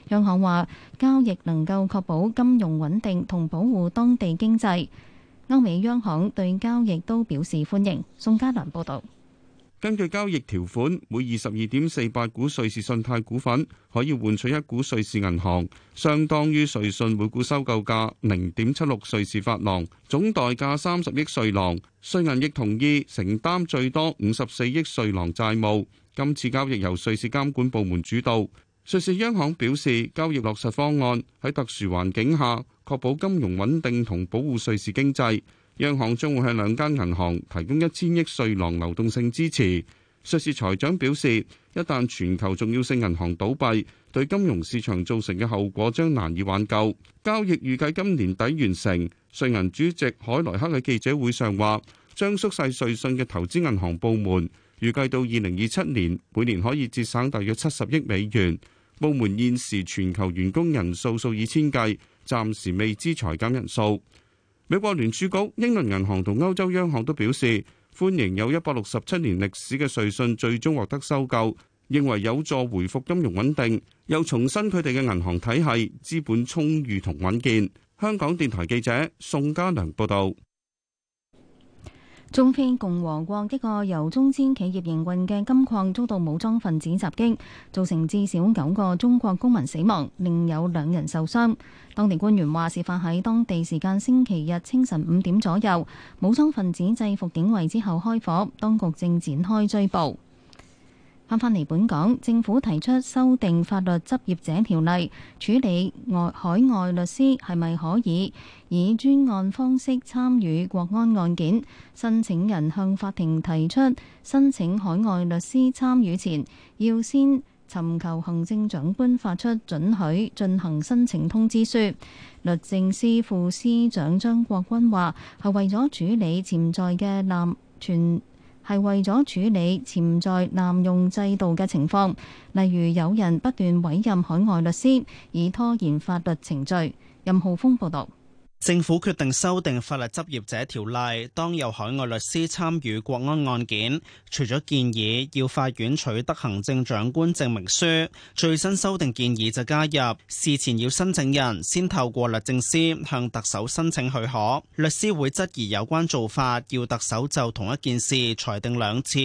央行話交易能夠確保金融穩定同保護當地經濟。歐美央行對交易都表示歡迎。宋嘉良報導。根據交易條款，每二十二點四八股瑞士信貸股份可以換取一股瑞士銀行，相當於瑞信每股收購價零點七六瑞士法郎，總代價三十億瑞郎。瑞銀亦同意承擔最多五十四億瑞郎債務。今次交易由瑞士監管部門主導。瑞士央行表示，交易落實方案喺特殊環境下確保金融穩定同保護瑞士經濟。央行將會向兩間銀行提供一千億瑞郎流動性支持。瑞士財長表示，一旦全球重要性銀行倒閉，對金融市場造成嘅後果將難以挽救。交易預計今年底完成。瑞銀主席海萊克喺記者會上話，將縮細瑞信嘅投資銀行部門，預計到二零二七年每年可以節省大約七十億美元。部門現時全球員工人數數以千計，暫時未知裁減人數。美國聯儲局、英倫銀行同歐洲央行都表示歡迎有一百六十七年歷史嘅瑞信最終獲得收購，認為有助回復金融穩定，又重申佢哋嘅銀行體系資本充裕同穩健。香港電台記者宋家良報道。中非共和國一個由中資企業營運嘅金礦遭到武裝分子襲擊，造成至少九個中國公民死亡，另有兩人受傷。當地官員話，事發喺當地時間星期日清晨五點左右，武裝分子制服警衛之後開火，當局正展開追捕。翻返嚟本港，政府提出修訂法律執業者條例，處理外海外律師係咪可以以專案方式參與國安案件。申請人向法庭提出申請海外律師參與前，要先尋求行政長官發出准許進行申請通知書。律政司副司長張，張國軍話係為咗處理潛在嘅南全。係為咗處理潛在濫用制度嘅情況，例如有人不斷委任海外律師，以拖延法律程序。任浩峰報導。政府決定修訂法律執業者條例，當有海外律師參與國安案件，除咗建議要法院取得行政長官證明書，最新修訂建議就加入事前要申請人先透過律政司向特首申請許可。律師會質疑有關做法要特首就同一件事裁定兩次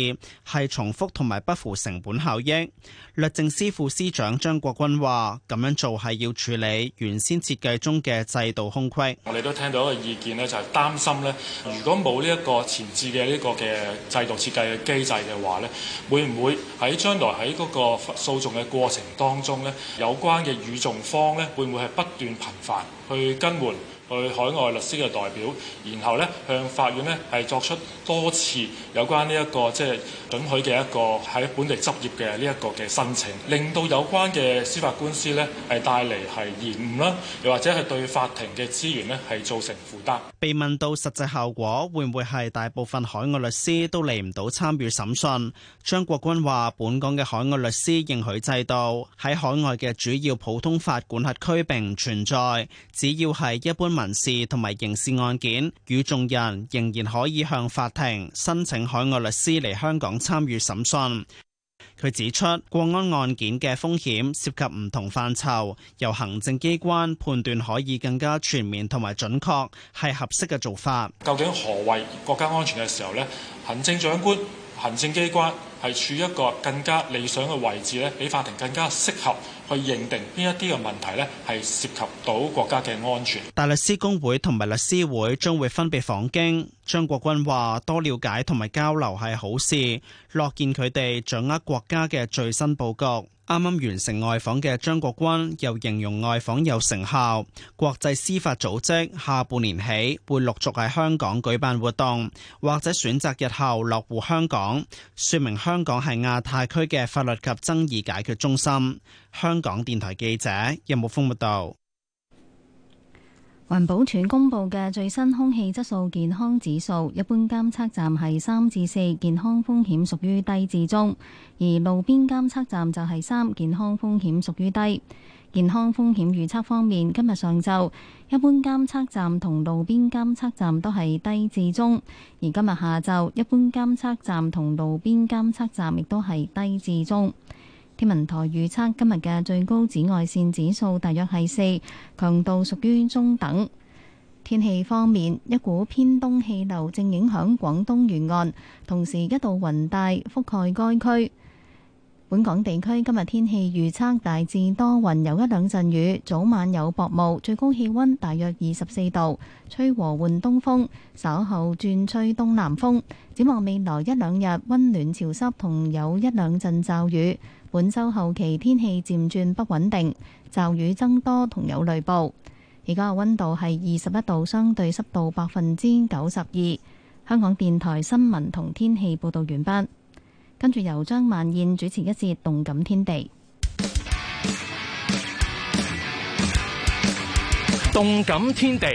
係重複同埋不符成本效益。律政司副司長張國鈞話，咁樣做係要處理原先設計中嘅制度空隙。我哋都聽到一個意見咧，就係擔心咧，如果冇呢一個前置嘅呢個嘅制度設計嘅機制嘅話咧，會唔會喺將來喺嗰個訴訟嘅過程當中咧，有關嘅與訟方咧，會唔會係不斷頻繁去更換去海外律師嘅代表，然後咧向法院咧係作出多次有關呢、這個、一個即係准許嘅一個喺本地執業嘅呢一個嘅申請，令到有關嘅司法官司咧係帶嚟係延誤啦，又或者係對法庭嘅資源咧係造成負擔。被問到實際效果會唔會係大部分海外律師都嚟唔到參與審訊，張國鈞話本港嘅海外律師認許制度喺海外嘅主要普通法管轄區並唔存在，只要係一般，民事同埋刑事案件，與眾人仍然可以向法庭申請海外律師嚟香港參與審訊。佢指出，國安案件嘅風險涉及唔同範疇，由行政機關判斷可以更加全面同埋準確，係合適嘅做法。究竟何為國家安全嘅時候呢？行政長官、行政機關。係處一個更加理想嘅位置咧，比法庭更加適合去認定邊一啲嘅問題咧，係涉及到國家嘅安全。大律師公會同埋律師會將會分別訪京。張國軍話：多了解同埋交流係好事，樂見佢哋掌握國家嘅最新佈局。啱啱完成外訪嘅張國軍又形容外訪有成效。國際司法組織下半年起會陸續喺香港舉辦活動，或者選擇日後落戶香港，說明香香港係亞太區嘅法律及爭議解決中心。香港電台記者任木峰報道。環保署公布嘅最新空氣質素健康指數，一般監測站係三至四，健康風險屬於低至中；而路邊監測站就係三，健康風險屬於低。健康風險預測方面，今日上晝一般監測站同路邊監測站都係低至中，而今日下晝一般監測站同路邊監測站亦都係低至中。天文台預測今日嘅最高紫外線指數大約係四，強度屬於中等。天氣方面，一股偏東氣流正影響廣東沿岸，同時一道雲帶覆蓋該區。本港地區今日天氣預測，大致多雲，有一兩陣雨，早晚有薄霧，最高氣溫大約二十四度，吹和緩東風，稍後轉吹東南風。展望未來一兩日，溫暖潮濕同有一兩陣驟雨。本周後期天氣漸轉不穩定，驟雨增多同有雷暴。而家嘅溫度係二十一度，相對濕度百分之九十二。香港電台新聞同天氣報道完畢。跟住由張曼燕主持一節《動感天地》。《動感天地》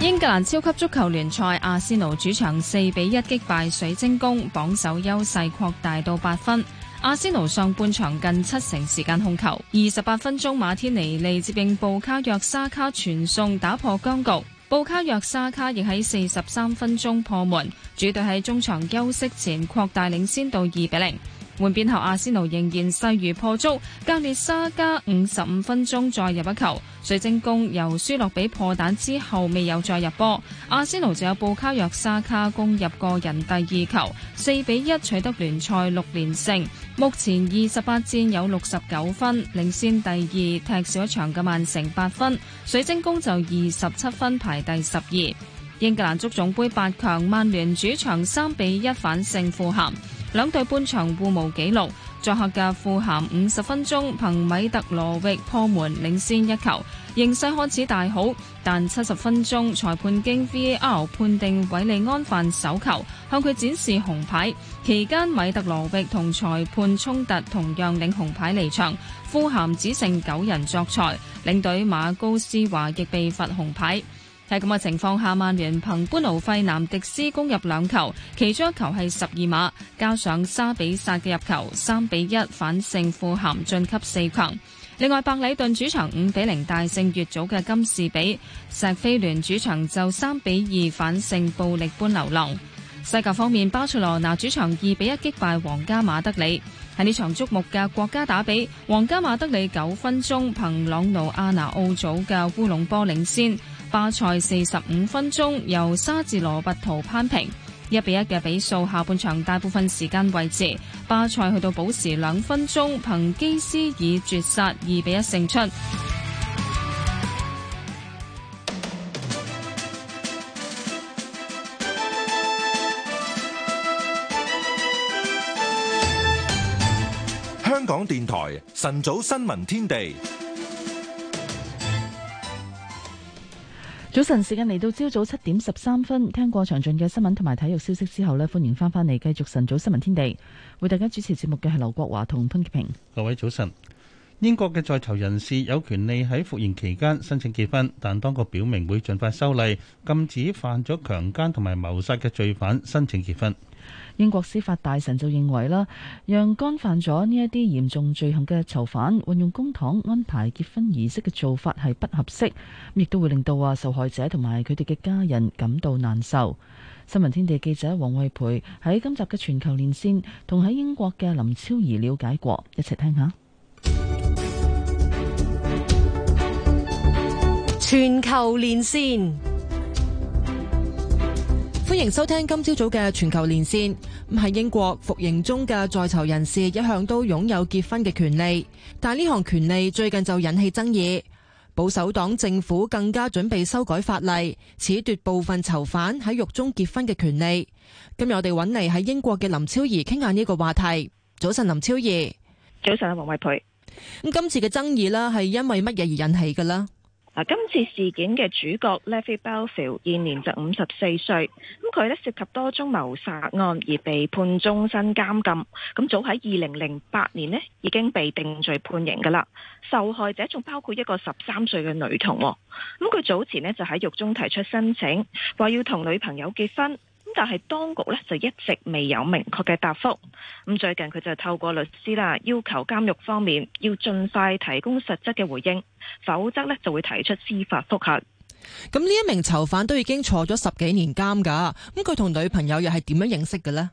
英格蘭超級足球聯賽，阿仙奴主場四比一擊敗水晶宮，榜首優勢擴大到八分。阿仙奴上半場近七成時間控球，二十八分鐘馬天尼利接應布卡約沙卡傳送，打破僵局。布卡若沙卡亦喺四十三分鐘破門，主隊喺中場休息前擴大領先到二比零。換邊後，阿仙奴仍然勢如破竹，格列沙加五十五分鐘再入一球。水晶宮由舒落比破蛋之後，未有再入波。阿仙奴就有布卡約沙卡攻入個人第二球，四比一取得聯賽六連勝。目前二十八戰有六十九分，領先第二踢少一場嘅曼城八分。水晶宮就二十七分排第十二。英格蘭足總盃八強，曼聯主場三比一反勝富咸。兩隊半場互無紀錄，作客嘅富咸五十分鐘憑米特羅域破門領先一球，形勢開始大好。但七十分鐘裁判經 VAR 判定韋利安犯手球，向佢展示紅牌。期間米特羅域同裁判衝突，同樣領紅牌離場。富咸只剩九人作賽，領隊馬高斯華亦被罰紅牌。喺咁嘅情況下，曼聯憑般奴費南迪斯攻入兩球，其中一球係十二碼，加上沙比沙嘅入球，三比一反勝富咸，晉級四強。另外，白禮頓主場五比零大勝越組嘅金士比，石飛聯主場就三比二反勝暴力般流浪。西甲方面，巴塞羅那主場二比一擊敗皇家馬德里。喺呢場矚目嘅國家打比，皇家馬德里九分鐘憑朗奴阿拿奧組嘅烏龍波領先。巴塞四十五分鐘由沙治羅拔圖扳平一比一嘅比數，下半場大部分時間維持，巴塞去到補時兩分鐘，憑基斯以絕殺二比一勝出。香港電台晨早新聞天地。早晨，時間嚟到朝早七點十三分。聽過詳盡嘅新聞同埋體育消息之後咧，歡迎翻返嚟繼續晨早新聞天地。為大家主持節目嘅係劉國華同潘潔平。各位早晨。英國嘅在囚人士有權利喺服刑期間申請結婚，但當局表明會盡快修例，禁止犯咗強姦同埋謀殺嘅罪犯申請結婚。英國司法大臣就認為啦，讓干犯咗呢一啲嚴重罪行嘅囚犯運用公帑安排結婚儀式嘅做法係不合適，亦都會令到話受害者同埋佢哋嘅家人感到難受。新聞天地記者王慧培喺今集嘅全球連線同喺英國嘅林超儀了解過，一齊聽一下。全球連線。歡迎收聽今朝早嘅全球連線。咁喺英國服刑中嘅在囚人士一向都擁有結婚嘅權利，但係呢項權利最近就引起爭議。保守黨政府更加準備修改法例，褫奪部分囚犯喺獄中結婚嘅權利。今日我哋揾嚟，喺英國嘅林超儀傾下呢個話題。早晨，林超儀。早晨，黃偉培。今次嘅爭議咧，係因為乜嘢而引起嘅呢？啊、今次事件嘅主角 Levi Bellfield 現年就五十四歲，咁佢呢涉及多宗謀殺案而被判終身監禁，咁早喺二零零八年呢，已經被定罪判刑噶啦，受害者仲包括一個十三歲嘅女童，哦，咁佢早前呢，就喺獄中提出申請，話要同女朋友結婚。但係當局呢就一直未有明確嘅答覆。咁最近佢就透過律師啦，要求監獄方面要盡快提供實質嘅回應，否則呢就會提出司法覆核。咁呢一名囚犯都已經坐咗十幾年監噶，咁佢同女朋友又係點樣認識嘅呢？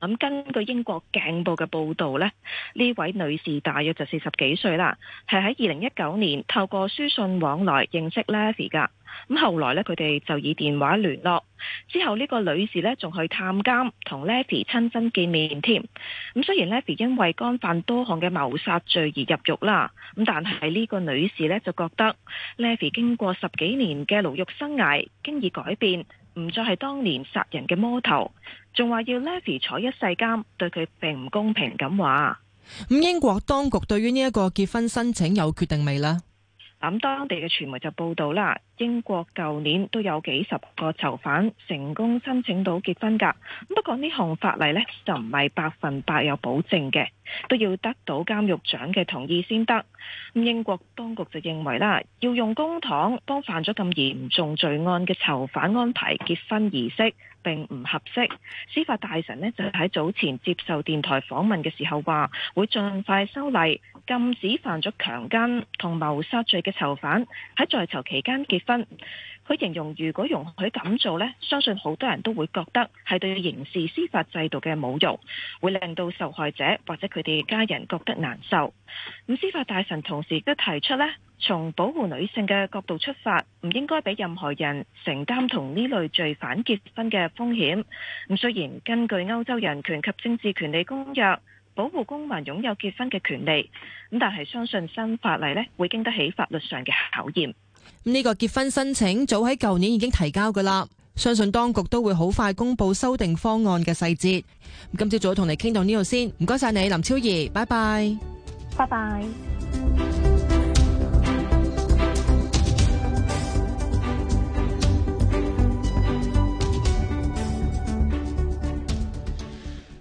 咁根據英國鏡報嘅報導咧，呢位女士大約就四十幾歲啦，係喺二零一九年透過書信往來認識 Levy 噶，咁後來咧佢哋就以電話聯絡，之後呢個女士咧仲去探監同 Levy 親身見面添。咁雖然 Levy 因為干犯多項嘅謀殺罪而入獄啦，咁但係呢個女士咧就覺得 Levy 經過十幾年嘅牢獄生涯，經已改變。唔再係當年殺人嘅魔頭，仲話要 Levy 坐一世監，對佢並唔公平咁話。咁英國當局對於呢一個結婚申請有決定未咧？咁當地嘅傳媒就報道啦，英國舊年都有幾十個囚犯成功申請到結婚㗎。不過呢項法例呢，就唔係百分百有保證嘅，都要得到監獄長嘅同意先得。英國當局就認為啦，要用公堂幫犯咗咁嚴重罪案嘅囚犯安排結婚儀式，並唔合適。司法大臣呢就喺早前接受電台訪問嘅時候話，會盡快修例禁止犯咗強姦同謀殺罪嘅囚犯喺在，在囚期間結婚。佢形容，如果容許咁做咧，相信好多人都會覺得係對刑事司法制度嘅侮辱，會令到受害者或者佢哋家人覺得難受。咁司法大臣同時亦都提出咧，從保護女性嘅角度出發，唔應該俾任何人承擔同呢類罪犯結婚嘅風險，咁雖然根據歐洲人權及政治權利公約保護公民擁有結婚嘅權利，咁但係相信新法例咧會經得起法律上嘅考驗。呢個結婚申請早喺舊年已經提交噶啦，相信當局都會好快公布修訂方案嘅細節。今朝早同你傾到呢度先，唔該晒你，林超儀，拜拜，拜拜。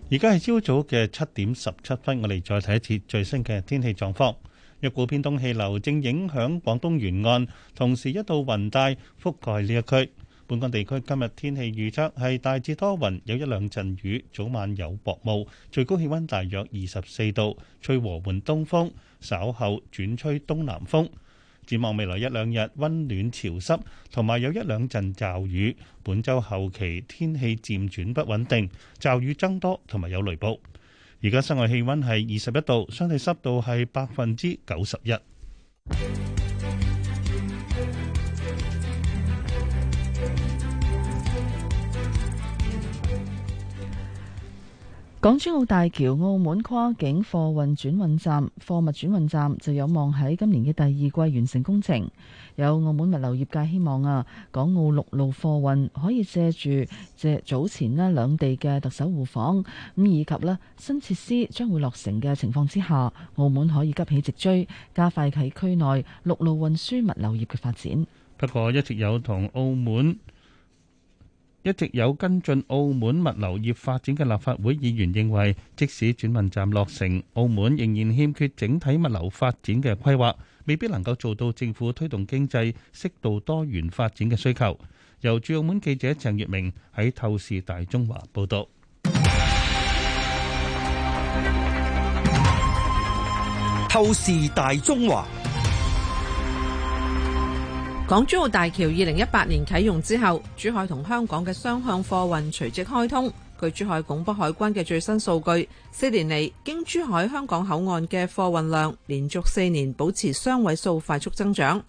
而家係朝早嘅七點十七分，我哋再睇一次最新嘅天氣狀況。若果偏東氣流正影響廣東沿岸，同時一道雲帶覆蓋呢一區。本港地區今日天氣預測係大致多雲，有一兩陣雨，早晚有薄霧，最高氣溫大約二十四度，吹和緩東風，稍後轉吹東南風。展望未來一兩日，溫暖潮濕，同埋有一兩陣驟雨。本週後期天氣漸轉不穩定，驟雨增多，同埋有雷暴。而家室外氣溫係二十一度，相對濕度係百分之九十一。港珠澳大橋、澳門跨境貨運轉運站、貨物轉運站就有望喺今年嘅第二季完成工程。有澳門物流業界希望啊，港澳陸路貨運可以借住借早前呢兩地嘅特首互訪，咁以及呢新設施將會落成嘅情況之下，澳門可以急起直追，加快喺區內陸路運輸物流業嘅發展。不過一直有同澳門。一直有跟進澳門物流業發展嘅立法會議員認為，即使轉運站落成，澳門仍然欠缺整體物流發展嘅規劃，未必能夠做到政府推動經濟適度多元發展嘅需求。由駐澳門記者鄭月明喺《透視大中華》報道，《透視大中華》。港珠澳大橋二零一八年啟用之後，珠海同香港嘅雙向貨運隨即開通。據珠海拱北海關嘅最新數據，四年嚟經珠海香港口岸嘅貨運量連續四年保持雙位數快速增長。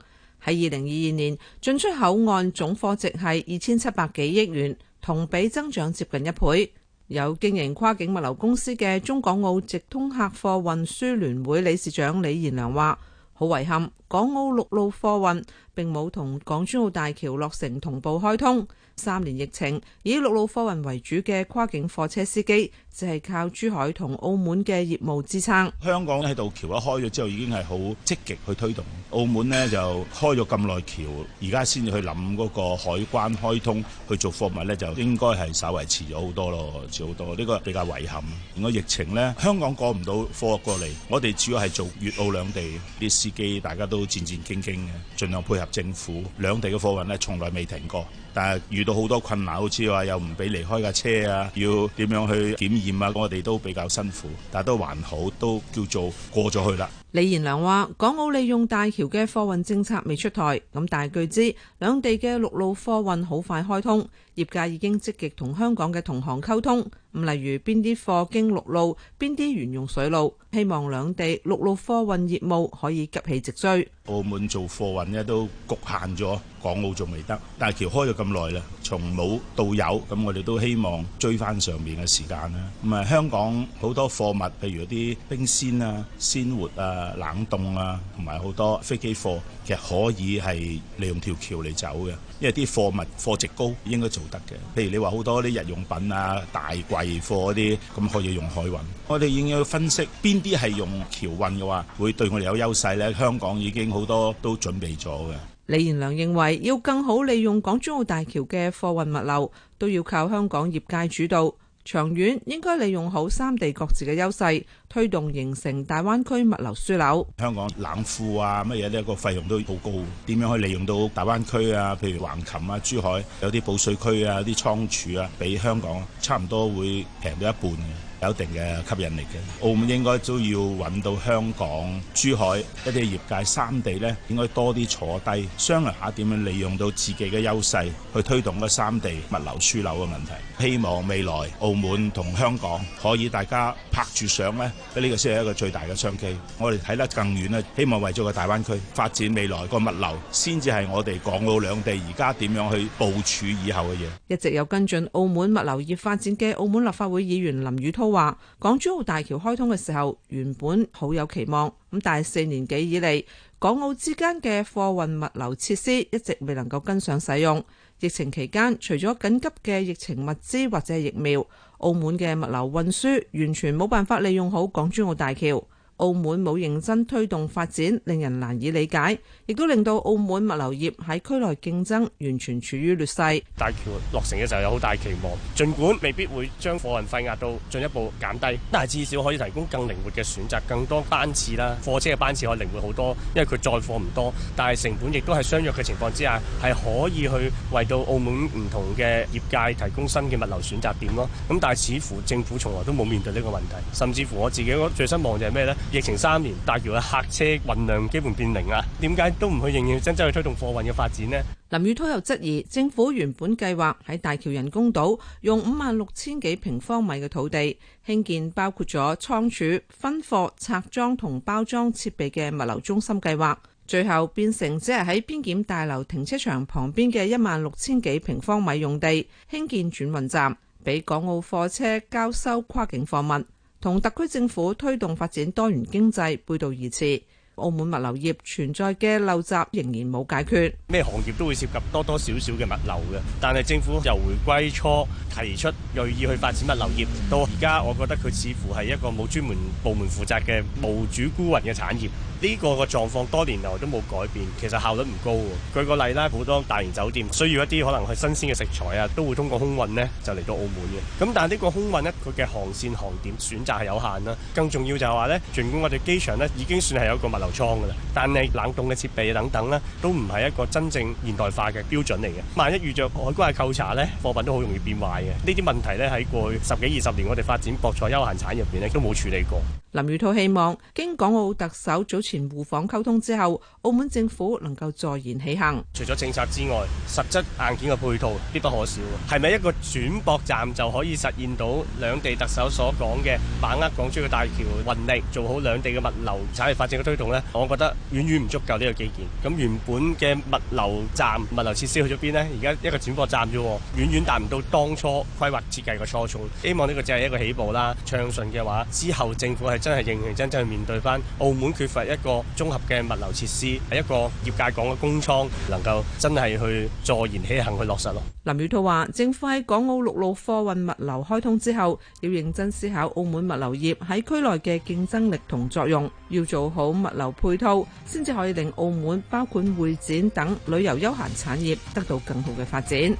喺二零二二年，進出口岸總貨值係二千七百幾億元，同比增長接近一倍。有經營跨境物流公司嘅中港澳直通客貨運輸聯會理事長李賢良話。好遺憾，港澳陸路貨運並冇同港珠澳大橋落成同步開通。三年疫情，以陸路貨運為主嘅跨境貨車司機，就係靠珠海同澳門嘅業務支撐。香港喺度橋一開咗之後，已經係好積極去推動。澳門咧就開咗咁耐橋，而家先至去諗嗰個海關開通去做貨物咧，就應該係稍為遲咗好多咯，遲好多。呢個比較遺憾。而個疫情咧，香港過唔到貨過嚟，我哋主要係做粵澳兩地啲司機，大家都戰戰兢兢嘅，儘量配合政府。兩地嘅貨運咧，從來未停過。但係遇到好多困難，好似話又唔畀離開架車呀，要點樣去檢驗呀？我哋都比較辛苦，但都還好，都叫做過咗去喇。李賢良話：港澳利用大橋嘅貨運政策未出台，咁但係據知兩地嘅陸路貨運好快開通，業界已經積極同香港嘅同行溝通，咁例如邊啲貨經陸路，邊啲沿用水路，希望兩地陸路貨運業務可以急起直追。澳門做貨運咧都局限咗，港澳仲未得，大橋開咗咁耐啦，從冇到有，咁我哋都希望追翻上面嘅時間啦。咁啊，香港好多貨物，譬如啲冰鮮啊、鮮活啊，冷凍啊，同埋好多飛機貨，其實可以係利用條橋嚟走嘅，因為啲貨物貨值高，應該做得嘅。譬如你話好多啲日用品啊、大櫃貨嗰啲，咁可以用海運，我哋應該分析邊啲係用橋運嘅話會對我哋有優勢咧。香港已經好多都準備咗嘅。李賢良認為，要更好利用港珠澳大橋嘅貨運物流，都要靠香港業界主導。長遠應該利用好三地各自嘅優勢，推動形成大灣區物流樞紐。香港冷庫啊，乜嘢呢個費用都好高，點樣可以利用到大灣區啊？譬如橫琴啊、珠海有啲保稅區啊、有啲倉儲啊，比香港差唔多會平咗一半嘅。有一定嘅吸引力嘅，澳門應該都要揾到香港、珠海一啲業界三地咧，應該多啲坐低商量下點樣利用到自己嘅優勢，去推動個三地物流樞紐嘅問題。希望未來澳門同香港可以大家拍住上咧，呢個先係一個最大嘅商機。我哋睇得更遠咧，希望為咗個大灣區發展未來個物流，先至係我哋港澳兩地而家點樣去部署以後嘅嘢。一直有跟進澳門物流業發展嘅澳門立法會議員林宇滔。話港珠澳大橋開通嘅時候，原本好有期望，咁但係四年幾以嚟，港澳之間嘅貨運物流設施一直未能夠跟上使用。疫情期間，除咗緊急嘅疫情物資或者疫苗，澳門嘅物流運輸完全冇辦法利用好港珠澳大橋。澳門冇認真推動發展，令人難以理解，亦都令到澳門物流業喺區內競爭完全處於劣勢。大橋落成嘅時候有好大期望，盡管未必會將貨運費壓到進一步減低，但係至少可以提供更靈活嘅選擇，更多班次啦，貨車嘅班次可以靈活好多，因為佢載貨唔多，但係成本亦都係相若嘅情況之下，係可以去為到澳門唔同嘅業界提供新嘅物流選擇點咯。咁但係似乎政府從來都冇面對呢個問題，甚至乎我自己我最失望就係咩呢？疫情三年，大橋嘅客車運量基本變零啊！點解都唔去認認真真去推動貨運嘅發展呢？林宇滔又質疑政府原本計劃喺大橋人工島用五萬六千幾平方米嘅土地興建包括咗倉儲、分貨、拆裝同包裝設備嘅物流中心計劃，最後變成只係喺邊檢大樓停車場旁邊嘅一萬六千幾平方米用地興建轉運站，俾港澳貨車交收跨境貨物。同特區政府推動發展多元經濟背道而馳，澳門物流業存在嘅陋習仍然冇解決。咩行業都會涉及多多少少嘅物流嘅，但係政府由回歸初提出銳意去發展物流業，到而家，我覺得佢似乎係一個冇專門部門負責嘅無主孤魂嘅產業。呢個個狀況多年來都冇改變，其實效率唔高喎。舉個例啦，好多大型酒店需要一啲可能係新鮮嘅食材啊，都會通過空運呢就嚟到澳門嘅。咁但係呢個空運呢，佢嘅航線航點選擇係有限啦。更重要就係話呢，儘管我哋機場呢已經算係有一個物流倉㗎啦，但係冷凍嘅設備等等呢，都唔係一個真正現代化嘅標準嚟嘅。萬一遇着海關嘅扣查呢，貨品都好容易變壞嘅。呢啲問題呢，喺過去十幾二十年我哋發展博彩休閒產業入邊呢，都冇處理過。林宇濤希望經港澳特首早前互訪溝通之後，澳門政府能夠坐言起行。除咗政策之外，實質硬件嘅配套必不可少。係咪一個轉駁站就可以實現到兩地特首所講嘅把握港珠澳大橋運力，做好兩地嘅物流產業發展嘅推動呢？我覺得遠遠唔足夠呢個基建。咁原本嘅物流站、物流設施去咗邊呢？而家一個轉駁站啫，遠遠達唔到當初規劃設計嘅初衷。希望呢個只係一個起步啦。暢順嘅話，之後政府係。真係認認真真去面對翻澳門缺乏一個綜合嘅物流設施，係一個業界講嘅公倉，能夠真係去坐言起行去落實咯。林宇濤話，政府喺港澳陸路貨運物流開通之後，要認真思考澳門物流業喺區內嘅競爭力同作用，要做好物流配套，先至可以令澳門包括會展等旅遊休閒產業得到更好嘅發展。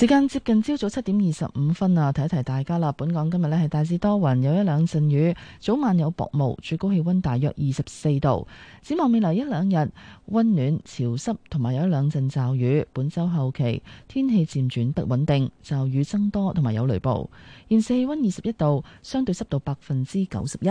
時間接近朝早七點二十五分啊，提一提大家啦。本港今日呢係大致多雲，有一兩陣雨，早晚有薄霧，最高氣溫大約二十四度。展望未來一兩日，溫暖潮濕，同埋有一兩陣驟雨。本周後期天氣漸轉不穩定，驟雨增多，同埋有雷暴。現時氣溫二十一度，相對濕度百分之九十一。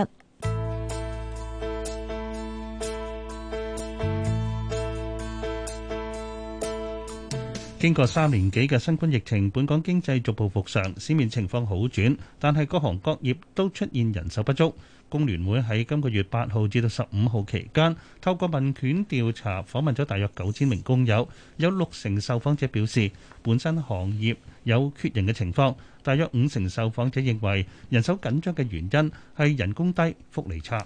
經過三年幾嘅新冠疫情，本港經濟逐步復常，市面情況好轉，但係各行各業都出現人手不足。工聯會喺今個月八號至到十五號期間，透過問卷調查訪問咗大約九千名工友，有六成受訪者表示本身行業有缺人嘅情況，大約五成受訪者認為人手緊張嘅原因係人工低、福利差。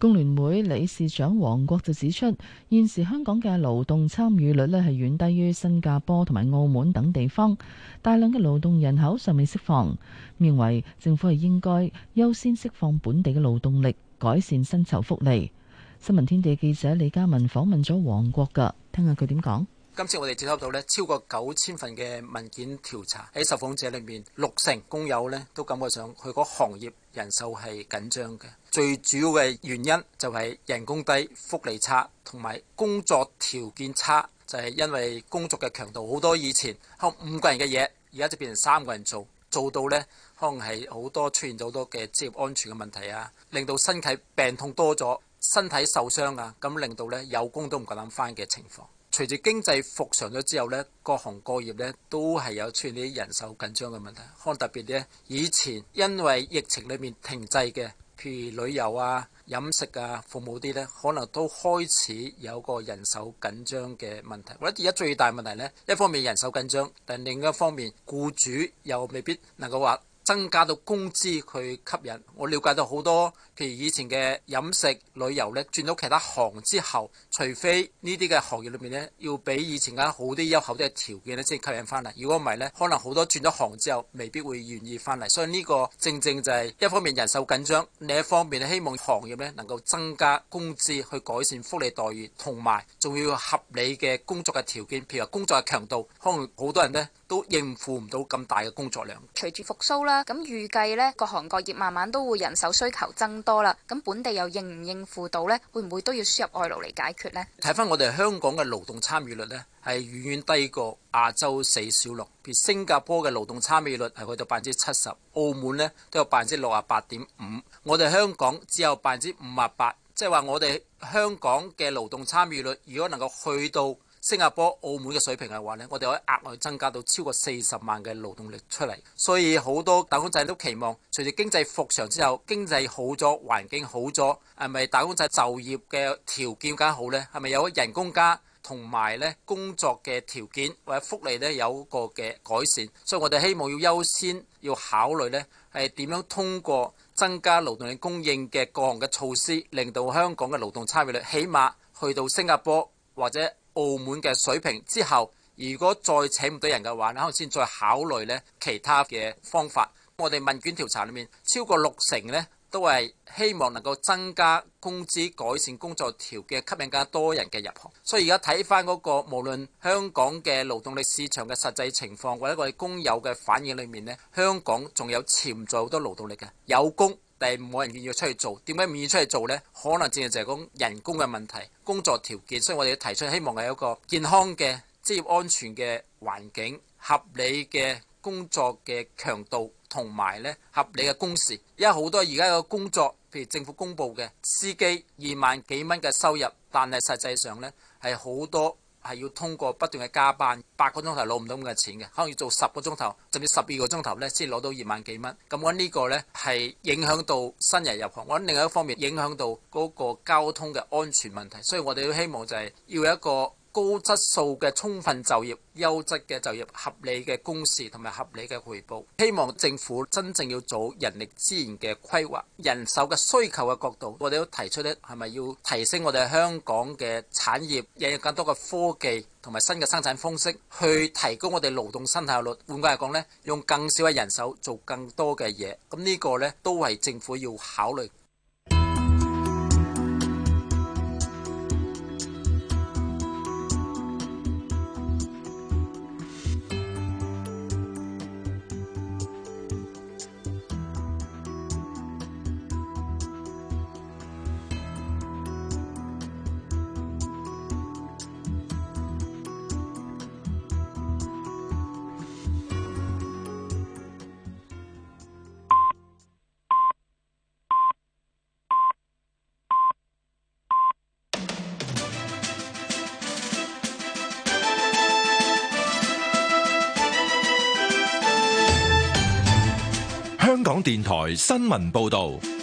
工聯會理事長黃國就指出，現時香港嘅勞動參與率呢係遠低於新加坡同埋澳門等地方，大量嘅勞動人口尚未釋放，認為政府係應該優先釋放本地嘅勞動力，改善薪酬福利。新聞天地記者李家文訪問咗黃國噶，聽下佢點講。今次我哋接收到呢超過九千份嘅文件調查，喺受訪者裏面六成工友呢都感覺上佢個行業。人手係緊張嘅，最主要嘅原因就係人工低、福利差同埋工作條件差，就係因為工作嘅強度好多以前可能五個人嘅嘢，而家就變成三個人做，做到呢，可能係好多出現咗好多嘅職業安全嘅問題啊，令到身體病痛多咗，身體受傷啊，咁令到呢，有工都唔夠膽返嘅情況。隨住經濟復常咗之後呢，各行各業呢都係有出現啲人手緊張嘅問題。可能特別啲，以前因為疫情裡面停滯嘅，譬如旅遊啊、飲食啊、服務啲呢，可能都開始有個人手緊張嘅問題。或者而家最大問題呢，一方面人手緊張，但另一方面僱主又未必能夠話。增加到工資去吸引，我了解到好多，譬如以前嘅飲食旅遊呢，轉到其他行之後，除非呢啲嘅行業裏面呢，要比以前嗰啲好啲優厚啲嘅條件呢，先吸引翻嚟。如果唔係呢，可能好多轉咗行之後，未必會願意翻嚟。所以呢個正正就係一方面人手緊張，另一方面希望行業呢能夠增加工資去改善福利待遇，同埋仲要合理嘅工作嘅條件，譬如工作嘅強度，可能好多人呢。都應付唔到咁大嘅工作量。隨住復甦啦，咁預計咧，各行各業慢慢都會人手需求增多啦。咁本地又應唔應付到咧？會唔會都要輸入外勞嚟解決咧？睇返我哋香港嘅勞動參與率咧，係遠遠低過亞洲四小龍，譬如新加坡嘅勞動參與率係去到百分之七十，澳門咧都有百分之六啊八點五，我哋香港只有百分之五啊八。即係話我哋香港嘅勞動參與率，如果能夠去到，新加坡、澳門嘅水平嘅話呢，我哋可以額外增加到超過四十萬嘅勞動力出嚟，所以好多打工仔都期望隨住經濟復常之後，經濟好咗，環境好咗，係咪打工仔就業嘅條件更加好呢？係咪有人工加同埋呢工作嘅條件或者福利呢有個嘅改善？所以我哋希望要優先要考慮呢，係點樣通過增加勞動力供應嘅各項嘅措施，令到香港嘅勞動參與率起碼去到新加坡或者，澳門嘅水平之後，如果再請唔到人嘅話，然後先再考慮呢其他嘅方法。我哋問卷調查裏面超過六成呢都係希望能夠增加工資、改善工作條件，吸引更加多人嘅入行。所以而家睇翻嗰個無論香港嘅勞動力市場嘅實際情況，或者我哋工友嘅反應裏面呢，香港仲有潛在好多勞動力嘅有工。第五冇人願意出去做，點解唔願意出去做呢？可能正係就係講人工嘅問題、工作條件，所以我哋要提出希望係一個健康嘅職業安全嘅環境、合理嘅工作嘅強度同埋呢合理嘅工時。因為好多而家嘅工作，譬如政府公布嘅司機二萬幾蚊嘅收入，但係實際上呢係好多。係要通過不斷嘅加班，八個鐘頭攞唔到咁嘅錢嘅，可能要做十個鐘頭，甚至十二個鐘頭呢，先攞到二萬幾蚊。咁我呢個呢，係影響到新人入行，我諗另外一方面影響到嗰個交通嘅安全問題。所以我哋都希望就係要有一個。高質素嘅充分就業、優質嘅就業、合理嘅工時同埋合理嘅回報。希望政府真正要做人力資源嘅規劃、人手嘅需求嘅角度，我哋都提出呢，係咪要提升我哋香港嘅產業，引入更多嘅科技同埋新嘅生產方式，去提高我哋勞動生產率？換句話嚟講呢，用更少嘅人手做更多嘅嘢。咁呢個呢，都係政府要考慮。台新聞報導。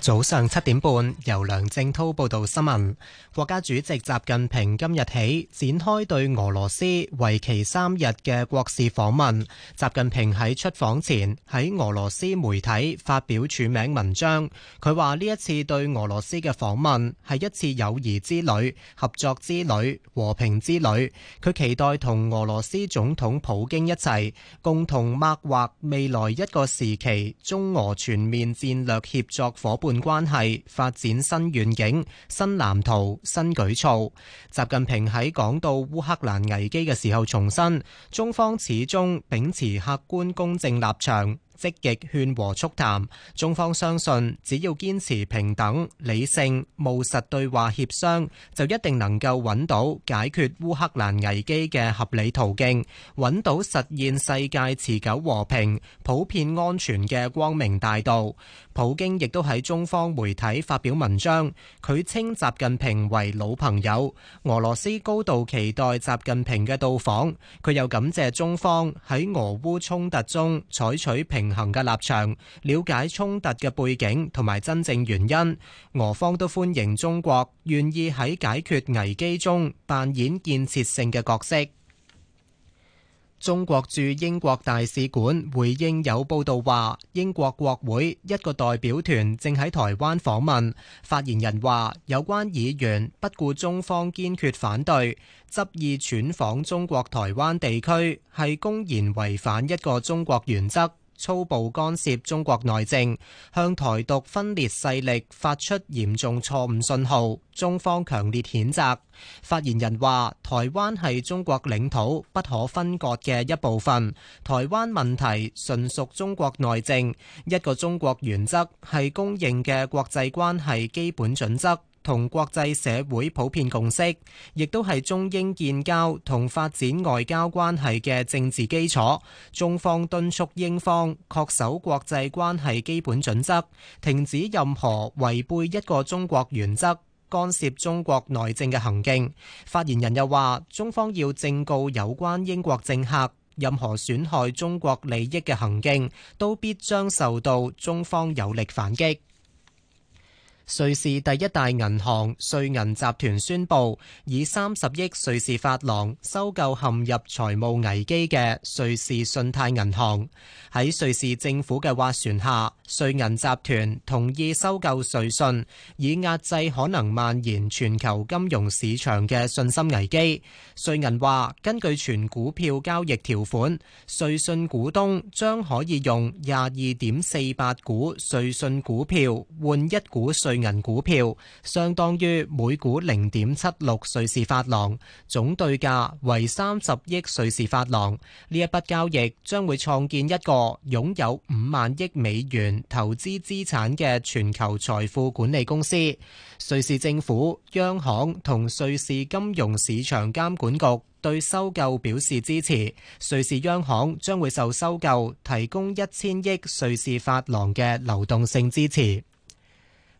早上七點半，由梁正濤報道新聞。國家主席習近平今日起展開對俄羅斯為期三日嘅國事訪問。習近平喺出訪前喺俄羅斯媒體發表署名文章，佢話呢一次對俄羅斯嘅訪問係一次友誼之旅、合作之旅、和平之旅。佢期待同俄羅斯總統普京一齊共同擘劃未來一個時期中俄全面戰略協作伙伴。關係發展新遠景、新藍圖、新舉措。習近平喺講到烏克蘭危機嘅時候重申，中方始終秉持客觀公正立場，積極勸和促談。中方相信，只要堅持平等、理性、務實對話協商，就一定能夠揾到解決烏克蘭危機嘅合理途徑，揾到實現世界持久和平、普遍安全嘅光明大道。普京亦都喺中方媒體發表文章，佢稱習近平為老朋友。俄羅斯高度期待習近平嘅到訪，佢又感謝中方喺俄烏衝突中採取平衡嘅立場，了解衝突嘅背景同埋真正原因。俄方都歡迎中國願意喺解決危機中扮演建設性嘅角色。中國駐英國大使館回應有報道話，英國國會一個代表團正喺台灣訪問。發言人話，有關議員不顧中方堅決反對，執意竄訪中國台灣地區，係公然違反一個中國原則。粗暴干涉中國內政，向台獨分裂勢力發出嚴重錯誤信號，中方強烈譴責。發言人話，台灣係中國領土，不可分割嘅一部分。台灣問題純屬中國內政，一個中國原則係公認嘅國際關係基本準則。同國際社會普遍共識，亦都係中英建交同發展外交關係嘅政治基礎。中方敦促英方恪守國際關係基本準則，停止任何違背一個中國原則、干涉中國內政嘅行徑。發言人又話：中方要正告有關英國政客，任何損害中國利益嘅行徑，都必將受到中方有力反擊。瑞士第一大銀行瑞銀集團宣布，以三十億瑞士法郎收購陷入財務危機嘅瑞士信貸銀行。喺瑞士政府嘅斡旋下，瑞銀集團同意收購瑞信，以壓制可能蔓延全球金融市場嘅信心危機。瑞銀話：根據全股票交易條款，瑞信股東將可以用廿二點四八股瑞信股票換一股瑞。銀股票相當於每股零點七六瑞士法郎，總對價為三十億瑞士法郎。呢一筆交易將會創建一個擁有五萬億美元投資資產嘅全球財富管理公司。瑞士政府、央行同瑞士金融市場監管局對收購表示支持。瑞士央行將會受收購提供一千億瑞士法郎嘅流動性支持。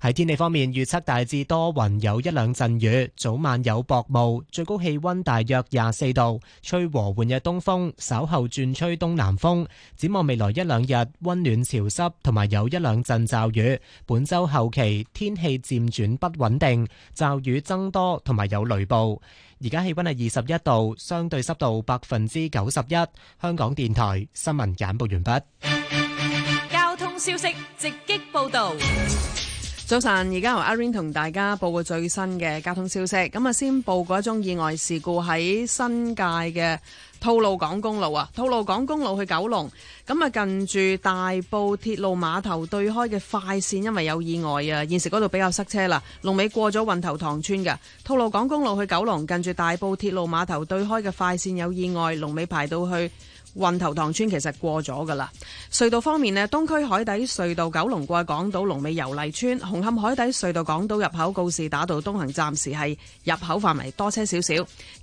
喺天氣方面，預測大致多雲，有一兩陣雨，早晚有薄霧，最高氣溫大約廿四度，吹和緩嘅東風，稍後轉吹東南風。展望未來一兩日，温暖潮濕，同埋有一兩陣驟雨。本周後期天氣漸轉不穩定，驟雨增多，同埋有雷暴。而家氣溫係二十一度，相對濕度百分之九十一。香港電台新聞簡報完畢。交通消息直擊報道。早晨，而家由阿 Ring 同大家報個最新嘅交通消息。咁啊，先報過一宗意外事故喺新界嘅。吐露港公路啊，吐露港公路去九龍，咁啊近住大埔鐵路碼頭對開嘅快線，因為有意外啊，現時嗰度比較塞車啦。龍尾過咗運頭塘村嘅吐露港公路去九龍，近住大埔鐵路碼頭對開嘅快線有意外，龍尾排到去運頭塘村，其實過咗噶啦。隧道方面呢，東區海底隧道九龍過去港島，龍尾油麗村。紅磡海底隧道港島入口告士打道東行，暫時係入口範圍多車少少。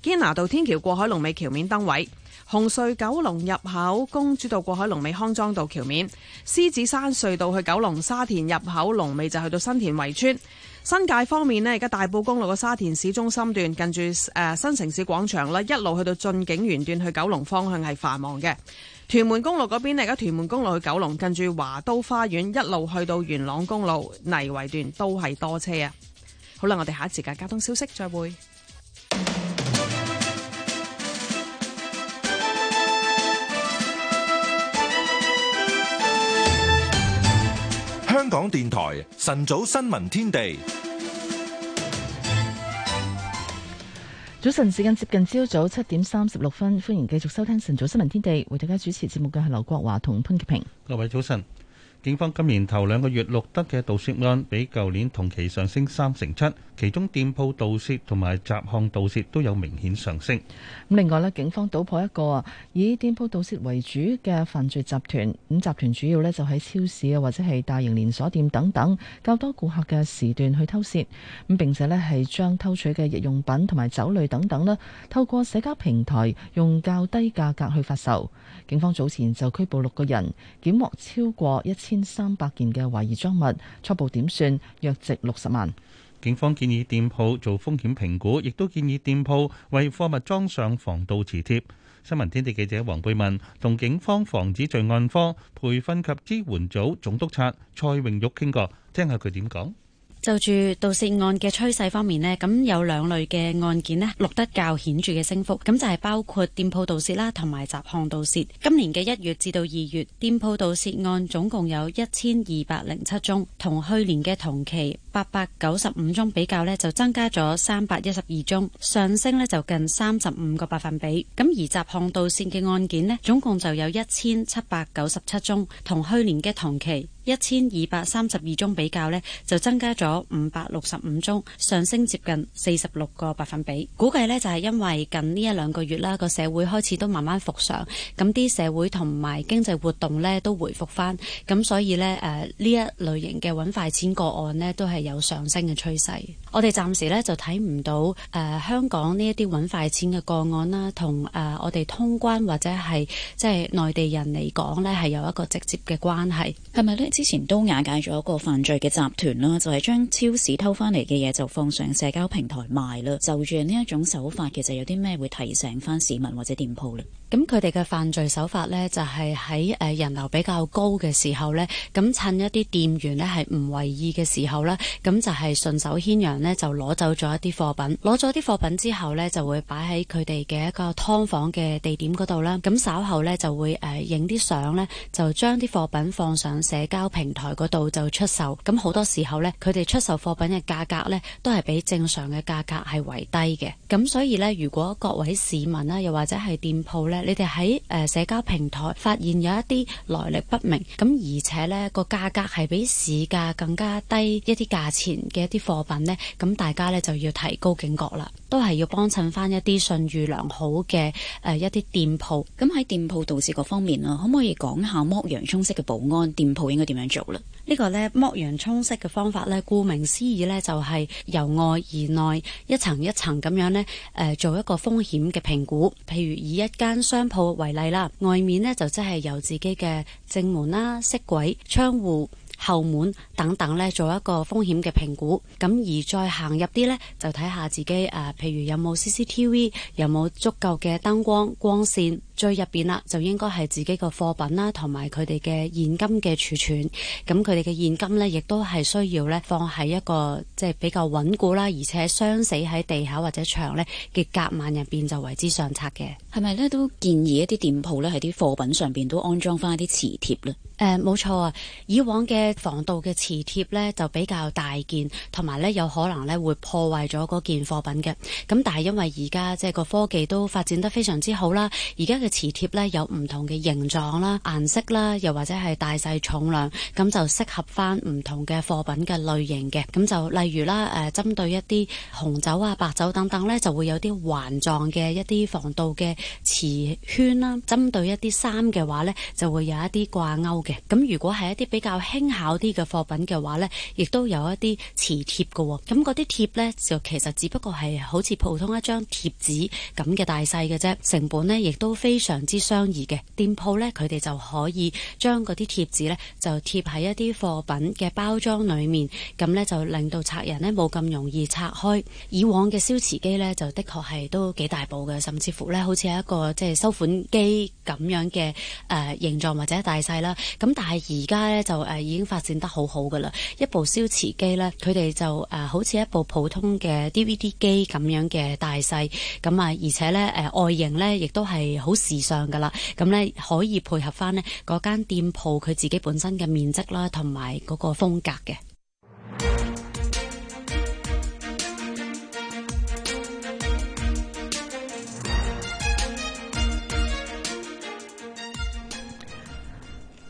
堅拿道天橋過海，龍尾橋面燈位。紅隧九龍入口公主道過海龍尾康莊道橋面，獅子山隧道去九龍沙田入口龍尾就去到新田圍村。新界方面呢，而家大埔公路個沙田市中心段近住誒、呃、新城市廣場啦，一路去到駿景園段去九龍方向係繁忙嘅。屯門公路嗰邊呢，而家屯門公路去九龍近住華都花園一路去到元朗公路泥圍段都係多車啊！好啦，我哋下一節嘅交通消息再會。香港電台晨早新聞天地，早晨時間接近朝早七點三十六分，歡迎繼續收聽晨早新聞天地，為大家主持節目嘅係劉國華同潘潔平，各位早晨。警方今年頭兩個月錄得嘅盜竊案比舊年同期上升三成七，其中店鋪盜竊同埋雜項盜竊都有明顯上升。咁另外咧，警方搗破一個以店鋪盜竊為主嘅犯罪集團，咁集團主要咧就喺超市啊或者係大型連鎖店等等較多顧客嘅時段去偷竊，咁並且咧係將偷取嘅日用品同埋酒類等等咧透過社交平台用較低價格去發售。警方早前就拘捕六個人，檢獲超過一千三百件嘅懷疑贓物，初步點算約值六十萬。警方建議店鋪做風險評估，亦都建議店鋪為貨物裝上防盜磁貼。新聞天地記者黃貝文同警方防止罪案科培訓及支援組總督察蔡榮玉傾過，聽下佢點講。就住盜竊案嘅趨勢方面呢，咁有兩類嘅案件呢，錄得較顯著嘅升幅，咁就係包括店鋪盜竊啦，同埋雜項盜竊。今年嘅一月至到二月，店鋪盜竊案總共有一千二百零七宗，同去年嘅同期，八百九十五宗比較呢，就增加咗三百一十二宗，上升呢，就近三十五個百分比。咁而雜項盜竊嘅案件呢，總共就有一千七百九十七宗，同去年嘅同期一千二百三十二宗比較呢，就增加咗五百六十五宗，上升接近四十六個百分比。估計呢，就係、是、因為近呢一兩個月啦，個社會開始都慢慢復常，咁啲社會同埋經濟活動呢，都回復翻，咁所以呢，誒、啊、呢一類型嘅揾快錢個案呢，都係。有上升嘅趨勢，我哋暫時咧就睇唔到誒、呃，香港呢一啲揾快錢嘅個案啦，同誒、呃、我哋通關或者係即係內地人嚟講呢，係有一個直接嘅關係，係咪呢？之前都瓦解咗一個犯罪嘅集團啦，就係、是、將超市偷翻嚟嘅嘢就放上社交平台賣啦，就住呢一種手法，其實有啲咩會提醒翻市民或者店鋪咧？咁佢哋嘅犯罪手法咧，就係喺誒人流比較高嘅時候咧，咁趁一啲店員咧係唔為意嘅時候咧，咁就係順手牽羊咧，就攞走咗一啲貨品。攞咗啲貨品之後咧，就會擺喺佢哋嘅一個劏房嘅地點度啦。咁稍後咧就會誒影啲相咧，就將啲貨品放上社交平台度就出售。咁好多時候咧，佢哋出售貨品嘅價格咧，都係比正常嘅價格係為低嘅。咁所以咧，如果各位市民啦，又或者係店鋪咧，你哋喺誒社交平台發現有一啲來歷不明，咁而且咧個價格係比市價更加低一啲價錢嘅一啲貨品呢，咁大家咧就要提高警覺啦，都係要幫襯翻一啲信譽良好嘅誒一啲店鋪。咁喺店鋪導視各方面啦，可唔可以講下剝洋蔥式嘅保安店鋪應該點樣做呢？呢個呢，剝洋葱式嘅方法呢，顧名思義呢，就係、是、由外而內，一層一層咁樣呢，誒、呃，做一個風險嘅評估。譬如以一間商鋪為例啦，外面呢，就即係由自己嘅正門啦、啊、色鬼、窗戶、後門等等呢，做一個風險嘅評估。咁而再行入啲呢，就睇下自己誒、呃，譬如有冇 CCTV，有冇足夠嘅燈光光線。最入邊啦，就應該係自己嘅貨品啦，同埋佢哋嘅現金嘅儲存。咁佢哋嘅現金呢，亦都係需要呢放喺一個即係比較穩固啦，而且鑲死喺地下或者牆呢嘅夾萬入邊就為之上策嘅。係咪呢？都建議一啲店鋪呢，喺啲貨品上邊都安裝翻一啲磁貼呢？誒、呃，冇錯啊！以往嘅防盜嘅磁貼呢，就比較大件，同埋呢有可能呢會破壞咗嗰件貨品嘅。咁但係因為而家即係個科技都發展得非常之好啦，而家嘅磁貼呢有唔同嘅形狀啦、顏色啦，又或者係大細重量，咁就適合翻唔同嘅貨品嘅類型嘅。咁就例如啦，誒、呃、針對一啲紅酒啊、白酒等等，呢就會有啲環狀嘅一啲防盜嘅磁圈啦。針對一啲衫嘅話呢，就會有一啲掛鈎嘅。咁如果係一啲比較輕巧啲嘅貨品嘅話呢，亦都有一啲磁貼㗎。咁嗰啲貼呢，就其實只不過係好似普通一張貼紙咁嘅大細嘅啫，成本呢，亦都非。非常之相宜嘅。店鋪咧，佢哋就可以將嗰啲貼紙咧，就貼喺一啲貨品嘅包裝裏面，咁咧就令到賊人咧冇咁容易拆開。以往嘅消磁機咧，就的確係都幾大部嘅，甚至乎咧，好似一個即係、就是、收款機咁樣嘅，誒、呃、形狀或者大細啦。咁但係而家咧就誒、呃、已經發展得好好噶啦，一部消磁機咧，佢哋就誒、呃、好似一部普通嘅 DVD 機咁樣嘅大細，咁啊而且咧誒、呃、外形咧亦都係好至上噶啦，咁呢可以配合翻呢嗰間店鋪佢自己本身嘅面積啦，同埋嗰個風格嘅。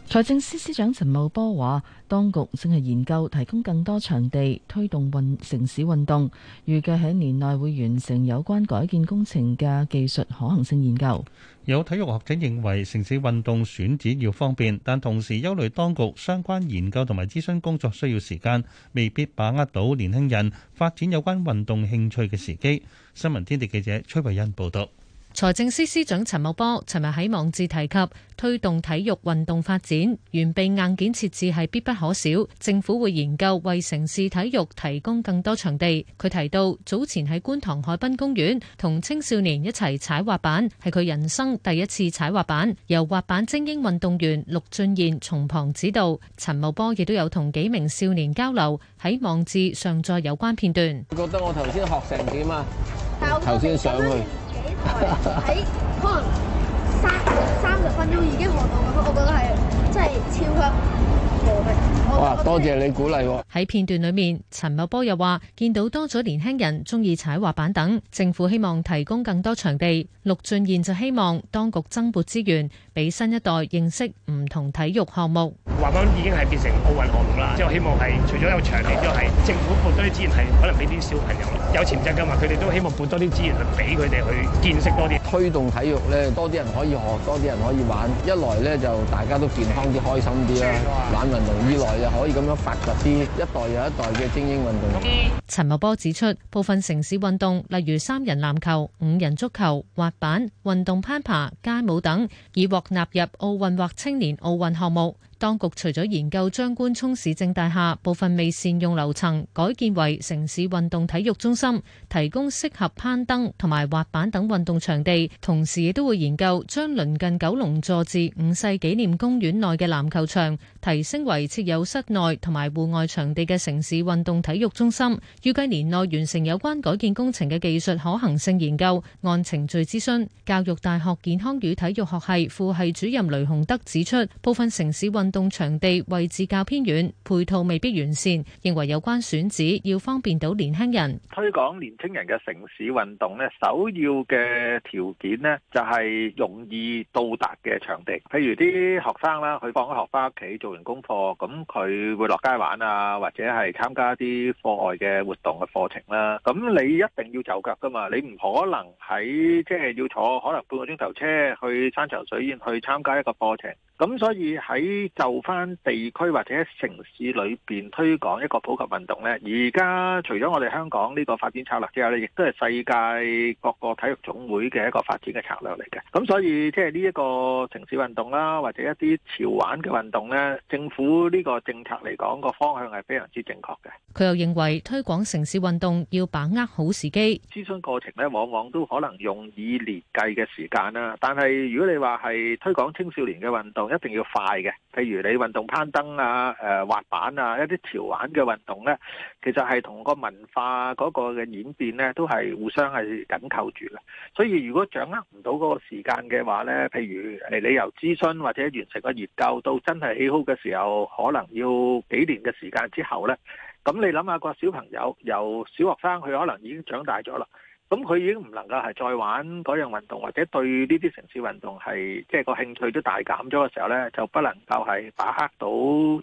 財政司司長陳茂波話，當局正係研究提供更多場地，推動運城市運動，預計喺年內會完成有關改建工程嘅技術可行性研究。有體育學者認為，城市運動選址要方便，但同時憂慮當局相關研究同埋諮詢工作需要時間，未必把握到年輕人發展有關運動興趣嘅時機。新聞天地記者崔慧欣報道。財政司司長陳茂波尋日喺網誌提及推動體育運動發展，完備硬件設置係必不可少。政府會研究為城市體育提供更多場地。佢提到早前喺觀塘海濱公園同青少年一齊踩滑板，係佢人生第一次踩滑板，由滑板精英運動員陸俊賢從旁指導。陳茂波亦都有同幾名少年交流，喺網誌上載有關片段。你覺得我頭先學成點啊？頭先上去。係喺 可能三三十分鐘已經學到咁，我覺得係真係超級。哇！多謝你鼓勵喎。喺片段裏面，陳茂波又話見到多咗年輕人中意踩滑板等，政府希望提供更多場地。陸俊賢就希望當局增撥資源，俾新一代認識唔同體育項目。滑板已經係變成奧運項目啦，即係希望係除咗有場地，即係政府撥多啲資源，係可能俾啲小朋友有潛質噶嘛，佢哋都希望撥多啲資源去俾佢哋去見識多啲，推動體育呢多啲人可以學，多啲人可以玩，一來呢，就大家都健康啲，開心啲啦，玩。運動以來又可以咁樣發掘啲一代又一代嘅精英運動。陳茂波指出，部分城市運動，例如三人籃球、五人足球、滑板、運動攀爬、街舞等，已獲納入奧運或青年奧運項目。當局除咗研究將官涌市政大廈部分未善用樓層改建為城市運動體育中心，提供適合攀登同埋滑板等運動場地，同時亦都會研究將鄰近九龍佐治五世紀念公園內嘅籃球場提升為設有室內同埋戶外場地嘅城市運動體育中心。預計年內完成有關改建工程嘅技術可行性研究，按程序諮詢。教育大學健康與體育學系副系主任雷洪德指出，部分城市運運動場地位置較偏遠，配套未必完善，認為有關選址要方便到年輕人。推廣年輕人嘅城市運動呢，首要嘅條件呢，就係容易到達嘅場地。譬如啲學生啦，佢放咗學翻屋企，做完功課，咁佢會落街玩啊，或者係參加啲課外嘅活動嘅課程啦。咁你一定要就腳噶嘛，你唔可能喺即係要坐可能半個鐘頭車去山長水遠去參加一個課程。咁所以喺就翻地區或者城市裏邊推廣一個普及運動咧，而家除咗我哋香港呢個發展策略之外，咧亦都係世界各個體育總會嘅一個發展嘅策略嚟嘅。咁所以即係呢一個城市運動啦，或者一啲潮玩嘅運動咧，政府呢個政策嚟講個方向係非常之正確嘅。佢又認為推廣城市運動要把握好時機，諮詢過程咧，往往都可能用以年計嘅時間啦。但係如果你話，係推廣青少年嘅運動。一定要快嘅，譬如你運動攀登啊、誒、呃、滑板啊、一啲潮玩嘅運動呢，其實係同個文化嗰個嘅演變呢都係互相係緊扣住嘅。所以如果掌握唔到嗰個時間嘅話呢，譬如誒你由諮詢或者完成個研究到真係起好嘅時候，可能要幾年嘅時間之後呢。咁你諗下個小朋友由小學生，佢可能已經長大咗啦。咁佢已經唔能夠係再玩嗰樣運動，或者對呢啲城市運動係即係個興趣都大減咗嘅時候咧，就不能夠係把握到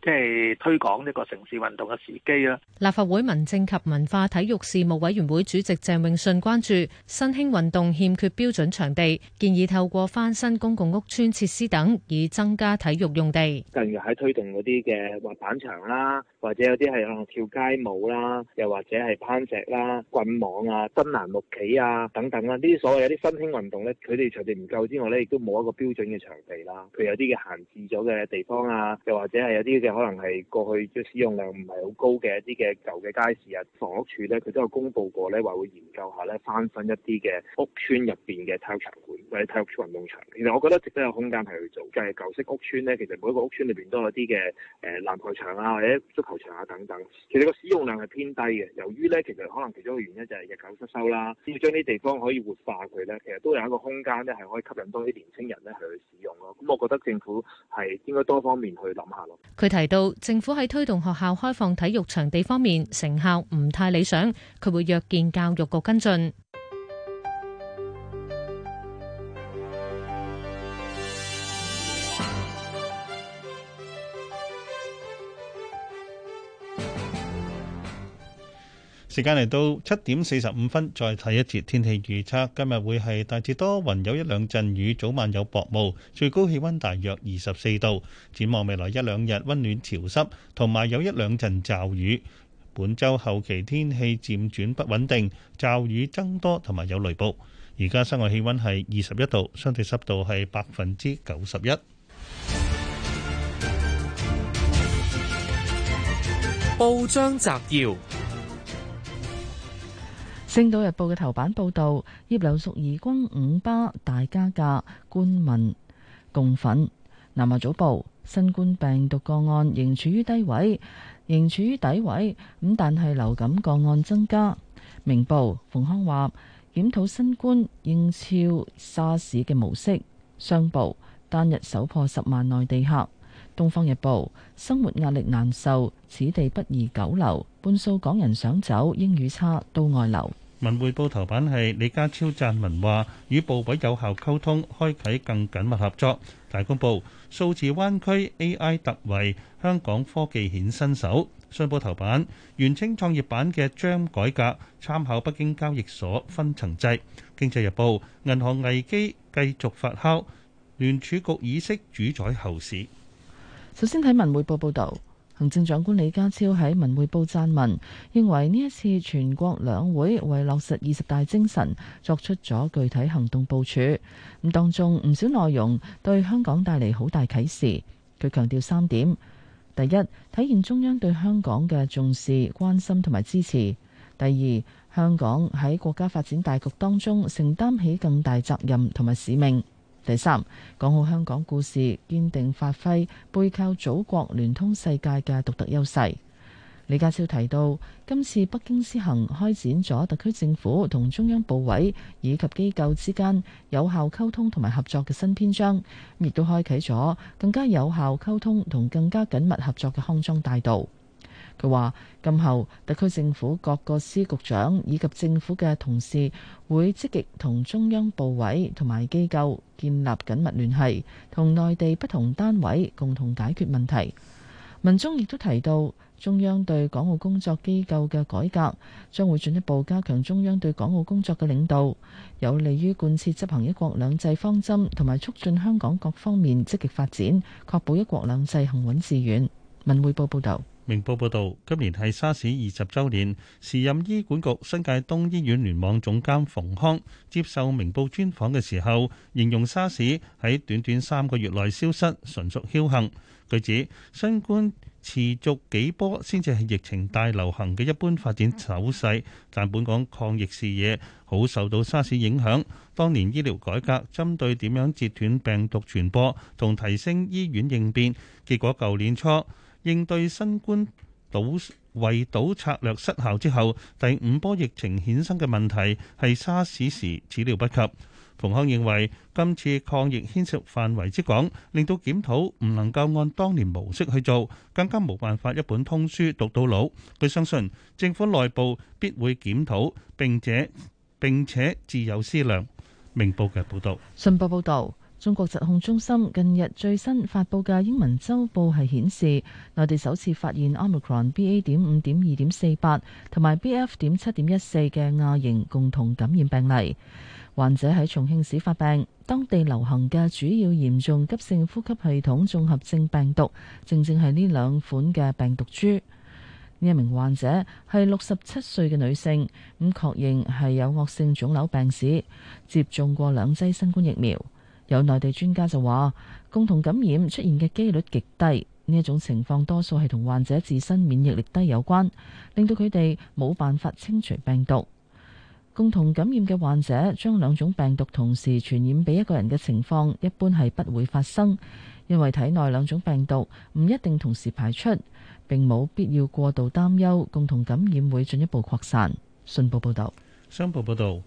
即係推廣呢個城市運動嘅時機啦。立法會民政及文化體育事務委員會主席鄭泳舜關注新興運動欠缺標準場地，建議透過翻新公共屋邨設施等，以增加體育用地。例如喺推動嗰啲嘅滑板場啦，或者有啲係啊跳街舞啦，又或者係攀石啦、棍網啊、真楠目。企啊，等等啦，啊，呢啲所謂有啲新興運動咧，佢哋場地唔夠之外咧，亦都冇一個標準嘅場地啦。佢有啲嘅閒置咗嘅地方啊，又或者係有啲嘅可能係過去即使用量唔係好高嘅一啲嘅舊嘅街市啊、房屋署咧，佢都有公布過咧話會研究下咧翻新一啲嘅屋村入邊嘅體育場館或者體育處運動場。其實我覺得值得有空間係去做，就係、是、舊式屋村咧，其實每一個屋村裏邊都有啲嘅誒籃球場啊或者足球場啊等等。其實個使用量係偏低嘅，由於咧其實可能其中一個原因就係日久失修啦。只要將啲地方可以活化佢咧，其實都有一個空間咧，係可以吸引多啲年青人咧係去使用咯。咁我覺得政府係應該多方面去諗下咯。佢提到政府喺推動學校開放體育場地方面成效唔太理想，佢會約見教育局跟進。時間嚟到七點四十五分，再睇一節天氣預測。今日會係大致多雲，有一兩陣雨，早晚有薄霧，最高氣溫大約二十四度。展望未來一兩日温暖潮濕，同埋有一兩陣驟雨。本周後期天氣漸轉不穩定，驟雨增多，同埋有雷暴。而家室外氣溫係二十一度，相對濕度係百分之九十一。報章摘要。《星島日報》嘅頭版報道，葉劉淑儀攻五巴大加價，官民共憤。《南華早報》新冠病毒個案仍處於低位，仍處於低位咁，但係流感個案增加。《明報》馮康話檢討新冠應超沙士嘅模式。《商報》單日首破十萬內地客。《東方日報》生活壓力難受，此地不宜久留，半數港人想走，英語差，都外流。文匯報頭版係李家超贊文話與部委有效溝通，開啟更緊密合作。大公報數字灣區 AI 突圍，香港科技顯身手。信報頭版，原稱創業板嘅將改革，參考北京交易所分層制。經濟日報，銀行危機繼續發酵，聯儲局議息主宰後市。首先睇文匯報報道。行政長官李家超喺《文匯報》撰文，認為呢一次全國兩會為落實二十大精神作出咗具體行動部署，咁當中唔少內容對香港帶嚟好大啟示。佢強調三點：第一，體現中央對香港嘅重視、關心同埋支持；第二，香港喺國家發展大局當中承擔起更大責任同埋使命。第三，講好香港故事，堅定發揮背靠祖國、聯通世界嘅獨特優勢。李家超提到，今次北京之行，開展咗特區政府同中央部委以及機構之間有效溝通同埋合作嘅新篇章，亦都開啟咗更加有效溝通同更加緊密合作嘅康莊大道。佢話：今後特區政府各個司局長以及政府嘅同事會積極同中央部委同埋機構建立緊密聯繫，同內地不同單位共同解決問題。文中亦都提到，中央對港澳工作機構嘅改革將會進一步加強中央對港澳工作嘅領導，有利於貫徹執行一國兩制方針，同埋促進香港各方面積極發展，確保一國兩制行穩致遠。文匯報報道。明報報導，今年係沙士二十週年，時任醫管局新界東醫院聯網總監馮康接受明報專訪嘅時候，形容沙士喺短短三個月內消失，純屬僥倖。據指，新冠持續幾波先至係疫情大流行嘅一般發展走勢，但本港抗疫視野好受到沙士影響。當年醫療改革針對點樣截斷病毒傳播同提升醫院應變，結果舊年初，應對新冠堵圍堵策略失效之後，第五波疫情衍生嘅問題係沙士時始料不及。馮康認為今次抗疫牽涉範圍之廣，令到檢討唔能夠按當年模式去做，更加冇辦法一本通書讀到老。佢相信政府內部必會檢討並且並且自有思量。明報嘅報道。信報報道。中國疾控中心近日最新發布嘅英文周報係顯示，內地首次發現奧密克戎 B A. 點五點二點四八同埋 B F. 點七點一四嘅亞型共同感染病例。患者喺重慶市發病，當地流行嘅主要嚴重急性呼吸系統綜合症病毒，正正係呢兩款嘅病毒株。呢一名患者係六十七歲嘅女性，咁確認係有惡性腫瘤病史，接種過兩劑新冠疫苗。有內地專家就話，共同感染出現嘅幾率極低，呢一種情況多數係同患者自身免疫力低有關，令到佢哋冇辦法清除病毒。共同感染嘅患者將兩種病毒同時傳染俾一個人嘅情況，一般係不會發生，因為體內兩種病毒唔一定同時排出，並冇必要過度擔憂共同感染會進一步擴散。信報報導，商報報導。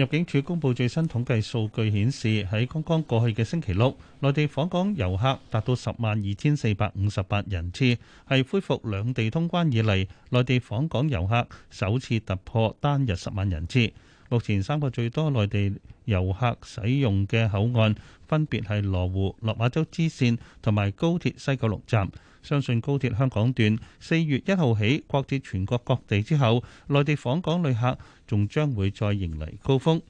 入境處公布最新統計數據顯示，喺剛剛過去嘅星期六，內地訪港遊客達到十萬二千四百五十八人次，係恢復兩地通關以嚟內地訪港遊客首次突破單日十萬人次。目前三個最多內地遊客使用嘅口岸，分別係羅湖、落馬洲支線同埋高鐵西九龍站。相信高鐵香港段四月一號起擴至全國各地之後，內地訪港旅客仲將會再迎嚟高峰。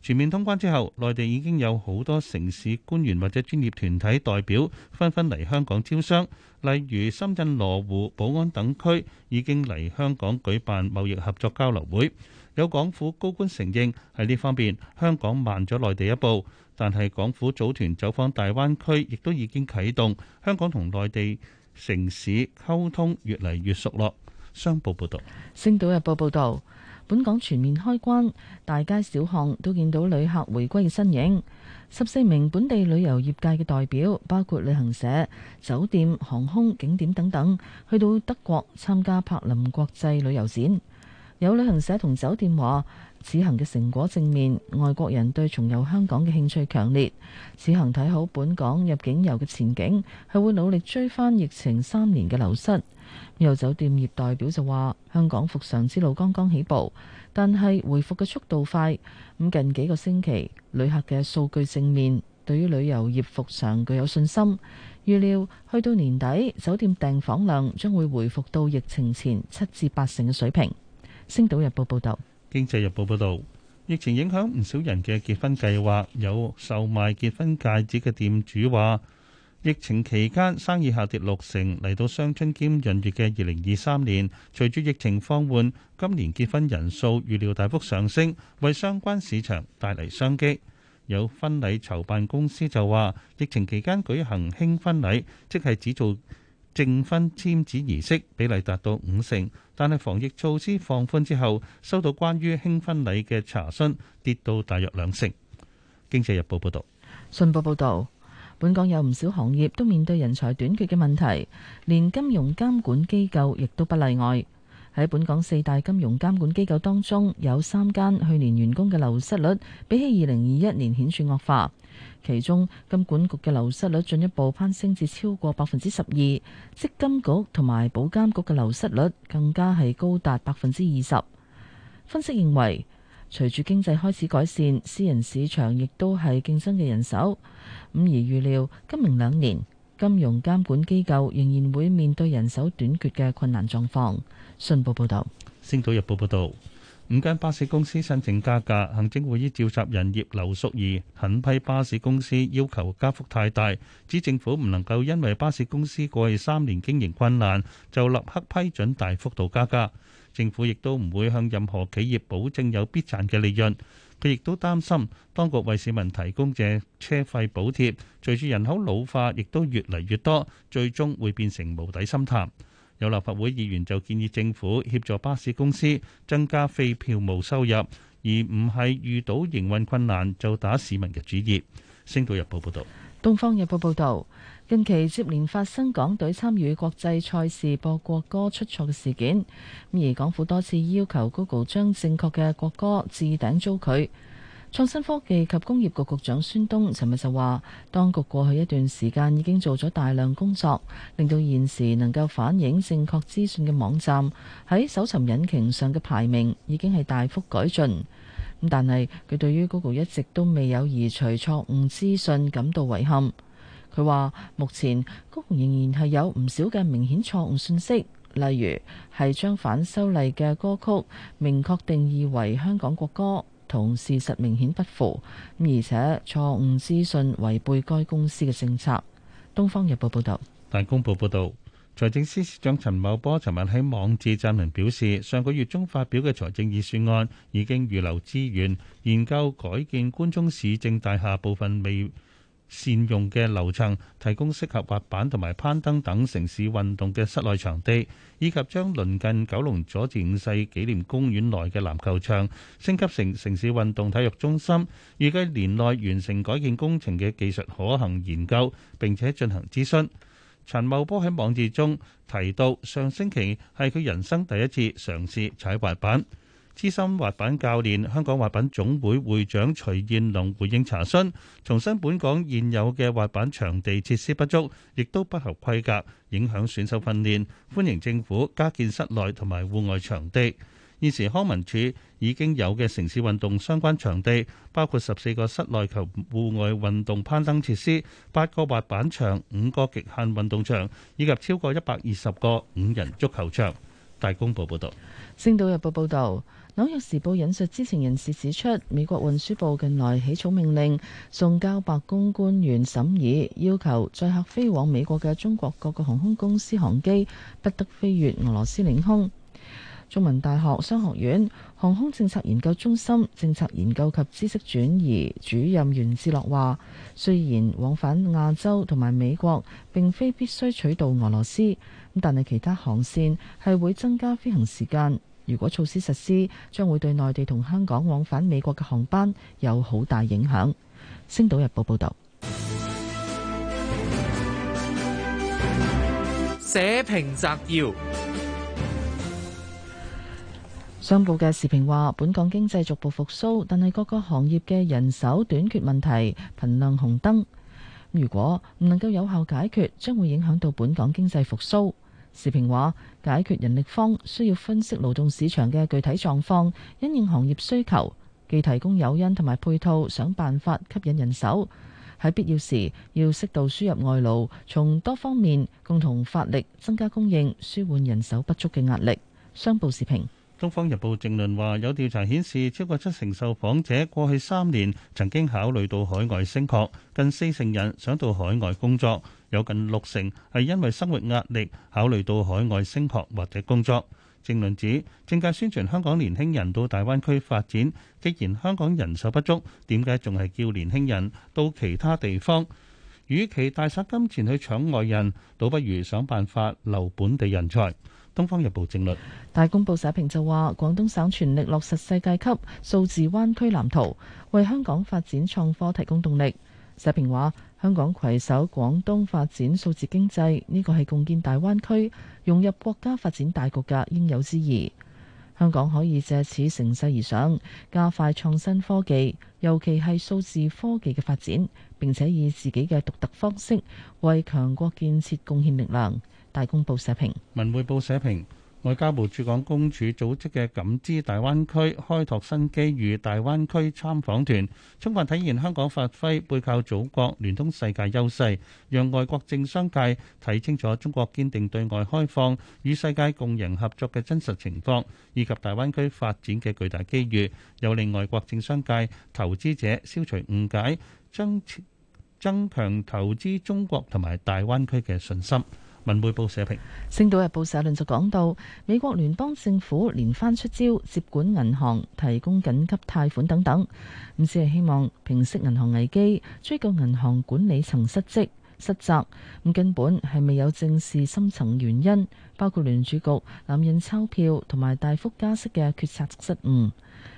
全面通關之後，內地已經有好多城市官員或者專業團體代表，紛紛嚟香港招商。例如深圳羅湖、寶安等區已經嚟香港舉辦貿易合作交流會，有港府高官承認喺呢方面香港慢咗內地一步，但係港府組團走訪大灣區亦都已經啟動香港同內地。城市溝通越嚟越熟絡。商報報道，《星島日報》報道，本港全面開關，大街小巷都見到旅客回歸嘅身影。十四名本地旅遊業界嘅代表，包括旅行社、酒店、航空、景點等等，去到德國參加柏林國際旅遊展。有旅行社同酒店話，此行嘅成果正面，外國人對重遊香港嘅興趣強烈。此行睇好本港入境遊嘅前景，係會努力追翻疫情三年嘅流失。有酒店業代表就話，香港復常之路剛剛起步，但係回復嘅速度快。咁近幾個星期，旅客嘅數據正面，對於旅遊業復常具有信心。預料去到年底，酒店訂房量將會回復到疫情前七至八成嘅水平。星島日報報道，經濟日報報道，疫情影響唔少人嘅結婚計劃。有售賣結婚戒指嘅店主話，疫情期間生意下跌六成。嚟到雙春兼閏月嘅二零二三年，隨住疫情放緩，今年結婚人數預料大幅上升，為相關市場帶嚟商機。有婚禮籌辦公司就話，疫情期間舉行輕婚禮，即係只做。證婚簽紙儀式比例達到五成，但係防疫措施放寬之後，收到關於興婚禮嘅查詢跌到大約兩成。經濟日報報道，信報報道，本港有唔少行業都面對人才短缺嘅問題，連金融監管機構亦都不例外。喺本港四大金融監管機構當中，有三間去年員工嘅流失率比起二零二一年顯著惡化，其中金管局嘅流失率進一步攀升至超過百分之十二，積金局同埋保監局嘅流失率更加係高達百分之二十。分析認為，隨住經濟開始改善，私人市場亦都係競爭嘅人手，咁而預料今明兩年金融監管機構仍然會面對人手短缺嘅困難狀況。信報報導，《星島日報》報導，五間巴士公司申請加價，行政會議召集人葉劉淑儀狠批巴士公司要求加幅太大，指政府唔能夠因為巴士公司過去三年經營困難，就立刻批准大幅度加價。政府亦都唔會向任何企業保證有必賺嘅利潤。佢亦都擔心，當局為市民提供嘅車費補貼，隨住人口老化，亦都越嚟越多，最終會變成無底深潭。有立法會議員就建議政府協助巴士公司增加非票務收入，而唔係遇到營運困難就打市民嘅主意。星島日報報道，東方日報報道，近期接連發生港隊參與國際賽事播國歌出錯嘅事件，而港府多次要求 Google 將正確嘅國歌置頂遭拒。創新科技及工業局局長孫東尋日就話，當局過去一段時間已經做咗大量工作，令到現時能夠反映正確資訊嘅網站喺搜尋引擎上嘅排名已經係大幅改進。但係佢對於 Google 一直都未有移除錯誤資訊感到遺憾。佢話，目前 Google 仍然係有唔少嘅明顯錯誤信息，例如係將反修例嘅歌曲明確定義為香港國歌。同事實明顯不符，而且錯誤資訊違背該公司嘅政策。《東方日報》報道。《大公報》報道，財政司司長陳茂波尋日喺網誌撰文表示，上個月中發表嘅財政預算案已經預留資源研究改建觀中市政大廈部分未善用嘅樓層提供適合滑板同埋攀登等城市運動嘅室內場地，以及將鄰近九龍佐治五世紀念公園內嘅籃球場升級成城市運動體育中心，預計年內完成改建工程嘅技術可行性研究，並且進行諮詢。陳茂波喺網誌中提到，上星期係佢人生第一次嘗試踩滑板。資深滑板教練、香港滑板總會會長徐燕龍回應查詢，重申本港現有嘅滑板場地設施不足，亦都不合規格，影響選手訓練。歡迎政府加建室內同埋戶外場地。現時康文署已經有嘅城市運動相關場地，包括十四個室內球、戶外運動、攀登設施，八個滑板場，五個極限運動場，以及超過一百二十個五人足球場。大公報報道。星島日報報道。《紐約時報》引述知情人士指出，美國運輸部近來起草命令，送交白宮官員審議，要求載客飛往美國嘅中國各個航空公司航機不得飛越俄羅斯領空。中文大學商學院航空政策研究中心政策研究及知識轉移主任袁志樂話，雖然往返亞洲同埋美國並非必須取道俄羅斯，咁但係其他航線係會增加飛行時間。如果措施實施，將會對內地同香港往返美國嘅航班有好大影響。《星島日報》報道。社評摘要。商報嘅時評話：本港經濟逐步復甦，但係各個行業嘅人手短缺問題頻亮紅燈。如果唔能夠有效解決，將會影響到本港經濟復甦。時評話。解決人力荒需要分析勞動市場嘅具體狀況，因應行業需求，既提供誘因同埋配套，想辦法吸引人手。喺必要時，要適度輸入外勞，從多方面共同發力，增加供應，舒緩人手不足嘅壓力。商報時評。《東方日報》正論話，有調查顯示，超過七成受訪者過去三年曾經考慮到海外升學，近四成人想到海外工作，有近六成係因為生活壓力考慮到海外升學或者工作。正論指，政界宣傳香港年輕人到大灣區發展，既然香港人手不足，點解仲係叫年輕人到其他地方？與其大灑金錢去搶外人，倒不如想辦法留本地人才。《東方日報》政略大公報社評就話：廣東省全力落實世界級數字灣區藍圖，為香港發展創科提供動力。社評話：香港攜手廣東發展數字經濟，呢個係共建大灣區、融入國家發展大局嘅應有之義。香港可以借此乘勢而上，加快創新科技，尤其係數字科技嘅發展，並且以自己嘅獨特方式為強國建設貢獻力量。大公報社評。文匯報社評，外交部駐港公署組織嘅《感知大灣區開拓新機遇》大灣區參訪團，充分體現香港發揮背靠祖國、聯通世界優勢，讓外國政商界睇清楚中國堅定對外開放與世界共贏合作嘅真實情況，以及大灣區發展嘅巨大機遇，又令外國政商界投資者消除誤解，增，增強投資中國同埋大灣區嘅信心。文匯報社評，《星島日報》社論就講到，美國聯邦政府連番出招，接管銀行、提供緊急貸款等等，唔只係希望平息銀行危機、追究銀行管理層失職失責，咁根本係未有正視深層原因，包括聯儲局濫印鈔票同埋大幅加息嘅決策失誤，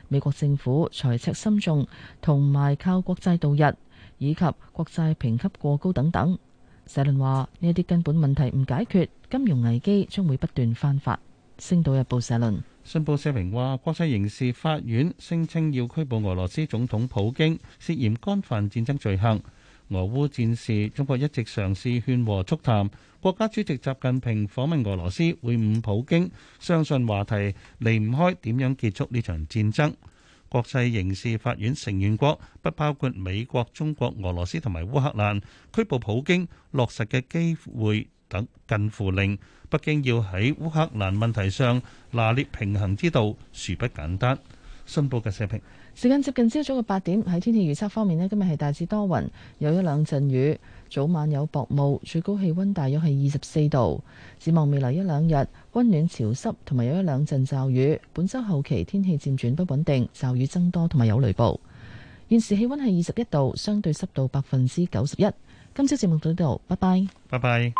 美國政府財赤深重，同埋靠國債度日，以及國債評級過高等等。社論話呢一啲根本問題唔解決，金融危機將會不斷翻發。星島日報社論，信報社評話，國際刑事法院聲稱要拘捕俄羅斯總統普京，涉嫌干犯戰爭罪行。俄烏戰事，中國一直嘗試勸和促談。國家主席習近平訪問俄羅斯會晤普京，相信話題離唔開點樣結束呢場戰爭。國際刑事法院成員國不包括美國、中國、俄羅斯同埋烏克蘭，拘捕普京落實嘅機會等近乎零。北京要喺烏克蘭問題上拿捏平衡之道，殊不簡單。信報嘅社評。時間接近朝早嘅八點，喺天氣預測方面咧，今日係大致多雲，有一兩陣雨。早晚有薄霧，最高氣溫大約係二十四度。展望未來一兩日，溫暖潮濕同埋有一兩陣驟雨。本周後期天氣漸轉不穩定，驟雨增多同埋有雷暴。現時氣溫係二十一度，相對濕度百分之九十一。今朝節目到呢度，拜拜。拜拜。